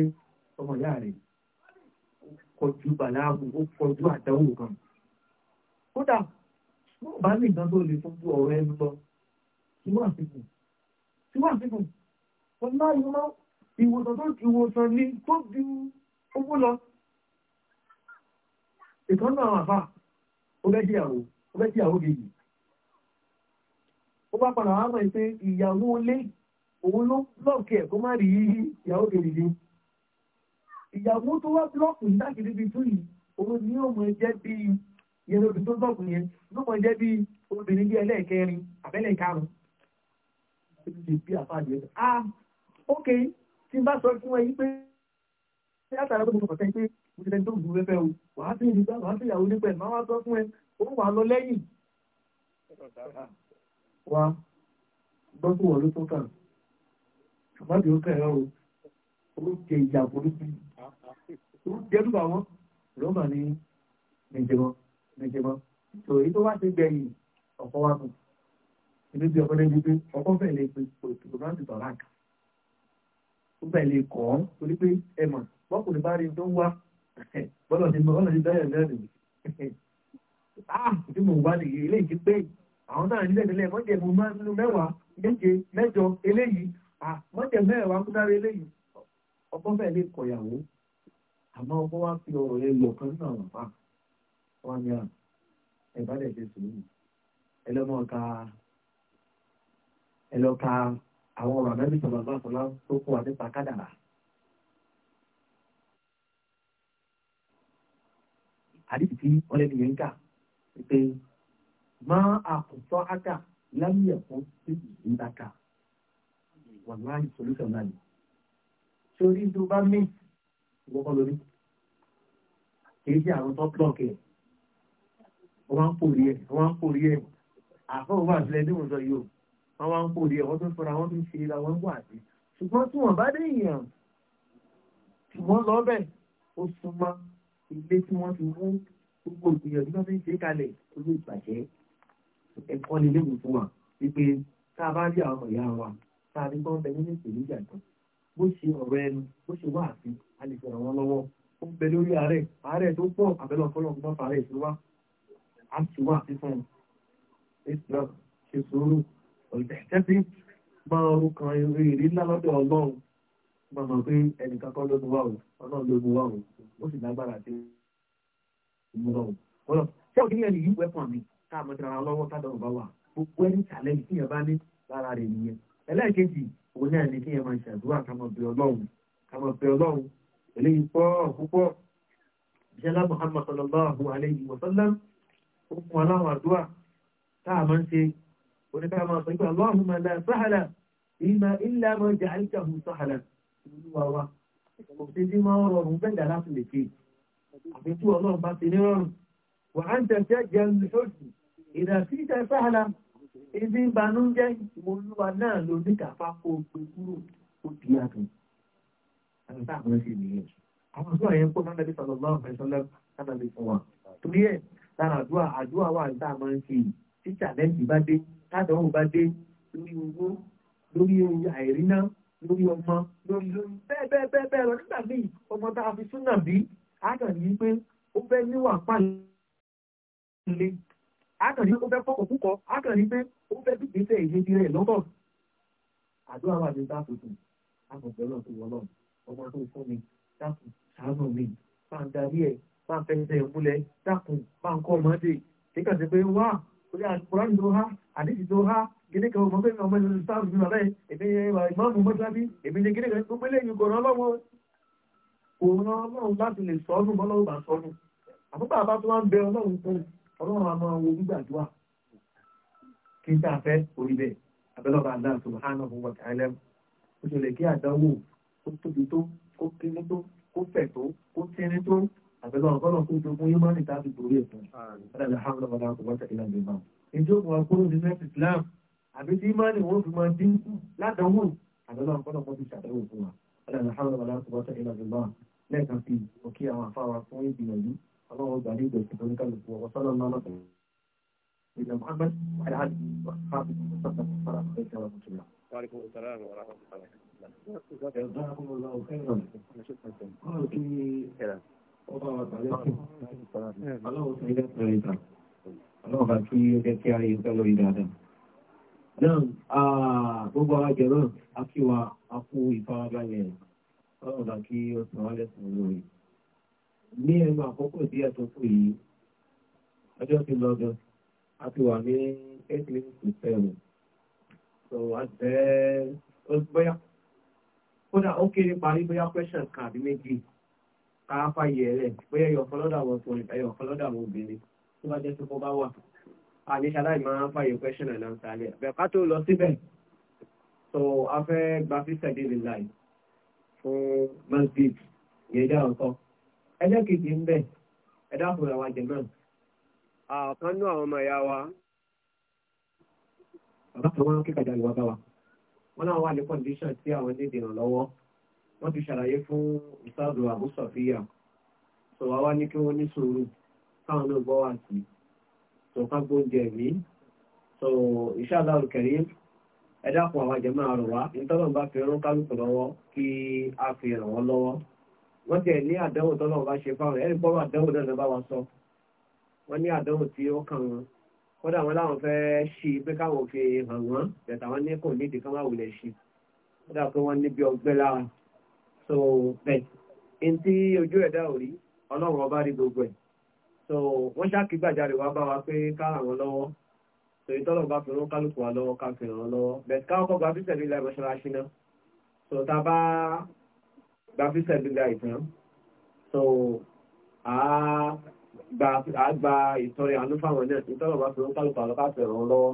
ọmọ ìyá rẹ̀ kọjú bàláàbù ó kọjú àdánwò kan. kódà wọ́n bá ní nǹkan tó lè fojú ọ̀rọ̀ ẹnu lọ tí wọ́n àfikún tí wọ́n àfikún wọ́n máa yọ mọ́ ìwòsàn tó ju ìwòsàn ní tó ju owó lọ. ìkànnì àwọn àfà ó bẹ́ díyàwó ó fẹ́ tíyàwó kejì ó bá padà wá mọ̀ pé ìyàwó ilé òun ló blọ́ọ̀kì ẹ̀ má rí ìyàwó kejì ni ìyàwó tó wá blọ́ọ̀kì ní lákìrí bíi tún yìí òun ni ó mọ̀ jẹ́ bí yẹn obì tó blọ́ọ̀kì yẹn ló mọ̀ jẹ́ bí obìnrin bí ẹlẹ́ẹ̀kẹrin àbẹ́lẹ̀ karùn-ún bí àfáàdì ah ok tí n bá sọ fún ẹ yí pé látara tó mo sọ̀tẹ́ pé mo ti lẹ́ni tó gbùgbẹ́ fẹ́ o wàá fi ìdígbà wàá fi ìyàwó nípa máa wá sọ fún ẹ òun wà lọ lẹ́yìn wa gbọ́sùn wọ̀ ló tó ó o ó burúkú wọn ní tó èyí tó wá sí gbẹ̀yìn ọ̀pọ̀ wa mú inú bí ọkọ̀ lẹ́yìn pé ọkọ̀ fẹ̀ lè pe òtò náà ti bàbá kan ó fẹ̀ lè kọ́ ọ́ torí pé ẹ mọ̀ bọ́kùnrin bá rí tó ń *laughs* *laughs* ah tí mo wá nìyí eléyìí ti pé àwọn náà nílẹ̀ nílẹ̀ mọ́jẹ̀ mo máa ń nínú mẹ́wàá méje mẹ́jọ eléyìí ah mọ́jẹ̀ mẹ́wàá ń sáré eléyìí ọkọ fẹ́ lè kọ̀yàwó àmọ́ ọkọ wá fi ọ̀rọ̀ yẹn lọ kan nínú àwọn àpá wọn ni ẹ̀bá dẹ̀ ṣe sùúrù ẹlọ́mọ ka ẹlọ́ka àwọn ọ̀rọ̀ àbẹ́bí sọ̀rọ̀ bá sọ̀rọ̀ tó kọ́ wa nípa kádàrà. àdìsí ọlẹ́ni yẹn ń kà pé máa àkùtọ́ ága láyé ẹ̀kọ́ sí ìdíńdàkà wà láì solution náà ni. Sori tó bá mí ìwọ́kọ́ lórí. Kì í ṣe àwọn tó blọọ̀kì ẹ̀. Wọ́n máa ń pòrí ẹ̀ wọ́n máa ń pòrí ẹ̀. Àfọwọ́ bá àtìlẹ́ tí mo sọ yìí o. Wọ́n máa ń pòrí ẹ̀ wọ́n tó ń wọ́n tó ń ṣe ra wọ́n wà sí. Ṣùgbọ́n tí wọ́n bá dé èèyàn wọ́n lọ bẹ̀ ó súnmọ́ ilé tí wọ́n ti mú gbogbo ìgbìyànjú tó fi kalẹ̀ olú ìbàjẹ́ ẹ̀kọ́ ni léwu fún wa wípé tá a bá rí àwọn ìyá wa tá a rí bọ́ bẹ nínú ìpèníjà kan bó ṣe ọ̀rọ̀ ẹnu bó ṣe wá àfi a lè fẹ̀rẹ̀ wọn lọ́wọ́ ó ń bẹ lórí ààrẹ ààrẹ tó pọ̀ àbẹ̀lọ fọlọ́ gbọ́n fàárẹ̀ ìṣúwá a ti wá àfi fún un ìṣúra ṣe sùúrù ọ̀lẹ́tẹ́tí máa ru kan eré ìrí ńlá lọ́dọ̀ ọlọ́run máa mọ̀ pé ẹnìkan kọ́ ló mú wa ọlọ́run ló mú wa ó sì lágbára sí ṣé òkè ní ẹni yìí wẹ́pọ̀n mi tá a mọ̀ sí ara lọ́wọ́ tá a dọ̀rọ̀ bá wà gbogbo ẹni challenge tí yẹn bá ní lára rẹ̀ nìyẹn ẹlẹ́ẹ̀kejì òun náà ni kí yẹn máa ṣàdúrà ká máa bẹ ọlọ́run ká máa bẹ ọlọ́run eléyìí pọ̀ púpọ̀ jẹ́lá muhammad sallallahu alayhi wa sallam ó fún wa láwọn àdúrà tá a máa àfi tí ọlọ́run bá ti nírọ̀rùn wà á ń tẹ̀sẹ̀ jẹun lóṣù ìdàtí ìtẹ̀ sáàlà ibi ìbànújẹ́ ìmọ̀lúwa náà ló ní kàfá kó gbé kúrò ó di àgbẹ̀ àti táwọn ṣe nìyẹn àwọn àdúrà yẹn kó nánàbí sọ̀rọ̀ lọ́wọ́ fẹsọ̀lẹ́ nánàbí fún wa torí ẹ̀ lára àdúrà àdúrà wà ní táwọn máa ń ṣe tí challenge bá dé tádàwọ̀ bá dé lórí owó lórí àìríná lórí ọmọ lórí lórí bẹ́ẹ̀ bẹ́ẹ̀ bẹ́ẹ̀ lọ nígbà míì ọmọ tá a fi súnà bíi àkàn ní pé ó fẹ́ níwà pàlẹ́ àkàn ní ó fẹ́ fọ́kọ̀ púpọ̀ àkàn ní pé ó fẹ́ gbígbésẹ̀ ìṣèjì rẹ̀ lọ́tọ̀ àdúrà wà ní dáàbòbò àgbọ̀gbẹ́ lọ sí wọlọ́ ọmọ tó fún mi dákun ṣàánú mi máa ń darí ẹ̀ máa ń fẹsẹ̀ ìmúlẹ̀ dákun máa ń kọ́ ọmọdé kíkà sí pé wá orí àkùránì tó há àdéjì tó há gíní kan ọmọ pé ọmọ ìlú sáà nínú rẹ̀ èmi ìmọ̀ ọmọ mọ́tàbí èmi ní gíní kan gbogbo eléyìí kò òun ọlọ́run láti lè sọ́dún bọ́lọ́run bá sọ́dún àbúkà bá tó wá ń bẹ ọlọ́run fún ọlọ́run àmọ́ wo gbígbàdúrà kí n tá a fẹ́ orí bẹ́ẹ̀ abẹ́lọ́ba àdá subhanahu wa ta'ala ó ṣe lè kí àdánwò ó tóbi tó kó kíní tó kó fẹ̀ tó kó tíní tó àbẹ́lọ́ba bọ́lọ̀ kó jogún yóò máa ń ta àbíkò orí ẹ̀fún ọ̀dàlẹ̀ hàmúlọ̀ wọn láti wọ́n bá ìjọ ògùn wọn fi máa dínkù ládàáwò àbẹ́lọ́ba bọ́lọ̀ kó ti ṣàdánwò lẹ́ẹ̀kan sí òkè àwọn afáwa fún ìgbìyànjú ọlọ́run gbà ní ìgbẹ̀sẹ̀ tó ní kálukú ọwọ́ sọ́nà náà lọ́sẹ̀ ìgbà muhammed wàhálà àti fáàbù sọ́sọ́ fara fún ìṣẹ́ wọn tuntun náà. Ọba wa tàbí ọkùnrin, aláwọ̀ tó ilé ẹ̀kọ́ ìta, aláwọ̀ bá kí ó jẹ́ kí a yẹ pẹ́ lórí dáadáa. Náà, ah, gbogbo ara jẹ̀rọ̀, a kí wa, a kú ìfarabalẹ̀ ọlọ́run bá kí ó san wálé fún olóore ní ẹnu àkókò díẹ̀ tó kù yìí ọjọ́ ti lọ gan a ti wà ní eight minutes to seven so a tẹ ó bóyá kódà ó kéré parí bóyá question kan àbí méjì ká fàyè ẹ lẹ bóyá ẹyọ kan lọ́dọ̀ àwọn ọkùnrin ẹyọ kan lọ́dọ̀ àwọn obìnrin tó bá jẹ́ tó kó bá wà àní ṣaláì máa ń fàyè question and answer rẹ̀ bẹ̀ká tó lọ síbẹ̀ so a fẹ́ gba fífẹ́ dé láì fún masjid ìyẹn jẹ́ ọ̀tọ̀ ẹjẹ́ kejì ń bẹ̀ ẹ dákun àwọn àjẹmọ́. àkàn nú àwọn ọmọ ìyá wa. bàbá kan wọn kíkà jáde wá bá wa wọn náà wà ní kọ́ndíṣàn tí àwọn ní ìdìrànlọ́wọ́ wọ́n ti ṣàlàyé fún ìsáàdù àbúsọ̀fíyà sọ̀wá wá ní kí wọ́n ní sùúrù káwọn náà gbọ́ wà sí sọ̀ká gbóúnjẹ mi sọ̀ ìṣáàdà olùkẹ́rẹ́ ẹ̀dàpọ̀ àwọn àjẹmọ́ àrùn wa bá fi rán lọ́wọ́ kí a fi ràn wọ́n lọ́wọ́ wọ́n tẹ̀ ní àdánwò tọ́lọ́n bá ṣe fáwọn ẹ̀rí bọ́rọ̀ àdánwò náà bá wa sọ wọ́n ní àdánwò tí ó kàn wọ́n kódà wọn láwọn fẹ́ ṣí pé káwọn fi hàn wọ́n bẹ̀tà wọn ní kò nídìí kán wá ṣí kódà pé wọ́n níbi ọgbẹ́ lára so bẹ́ẹ̀ n tí ojú ẹ̀dá ò rí ọlọ́run ọba rí gbogbo ẹ̀ so wọ́n ṣáà kígbàjarè wá bá wa pé ká lọ́wọ́ so ìtọ́lọ̀ bá fi rán kálùkù wa lọ́wọ́ ká fi ràn lọ́wọ́ bẹ̀t káwọn kọ́ gbàfí sẹ̀bílà mọ́ṣáláṣí náà so ta bá gbàfí sẹ̀bílà ìtàn so a gba ìtọrẹ àánú fáwọn náà ìtọ́lọ̀ bá fi rán kálùkù wa lọ́wọ́ ká fi ràn lọ́wọ́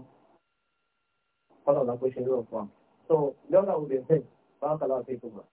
kọ́lọ̀ bá pé ṣe ní ọ̀pọ̀ so lọ́la òde bẹ́ẹ̀ bá kàlá ọ̀sẹ̀ ìkùnmọ̀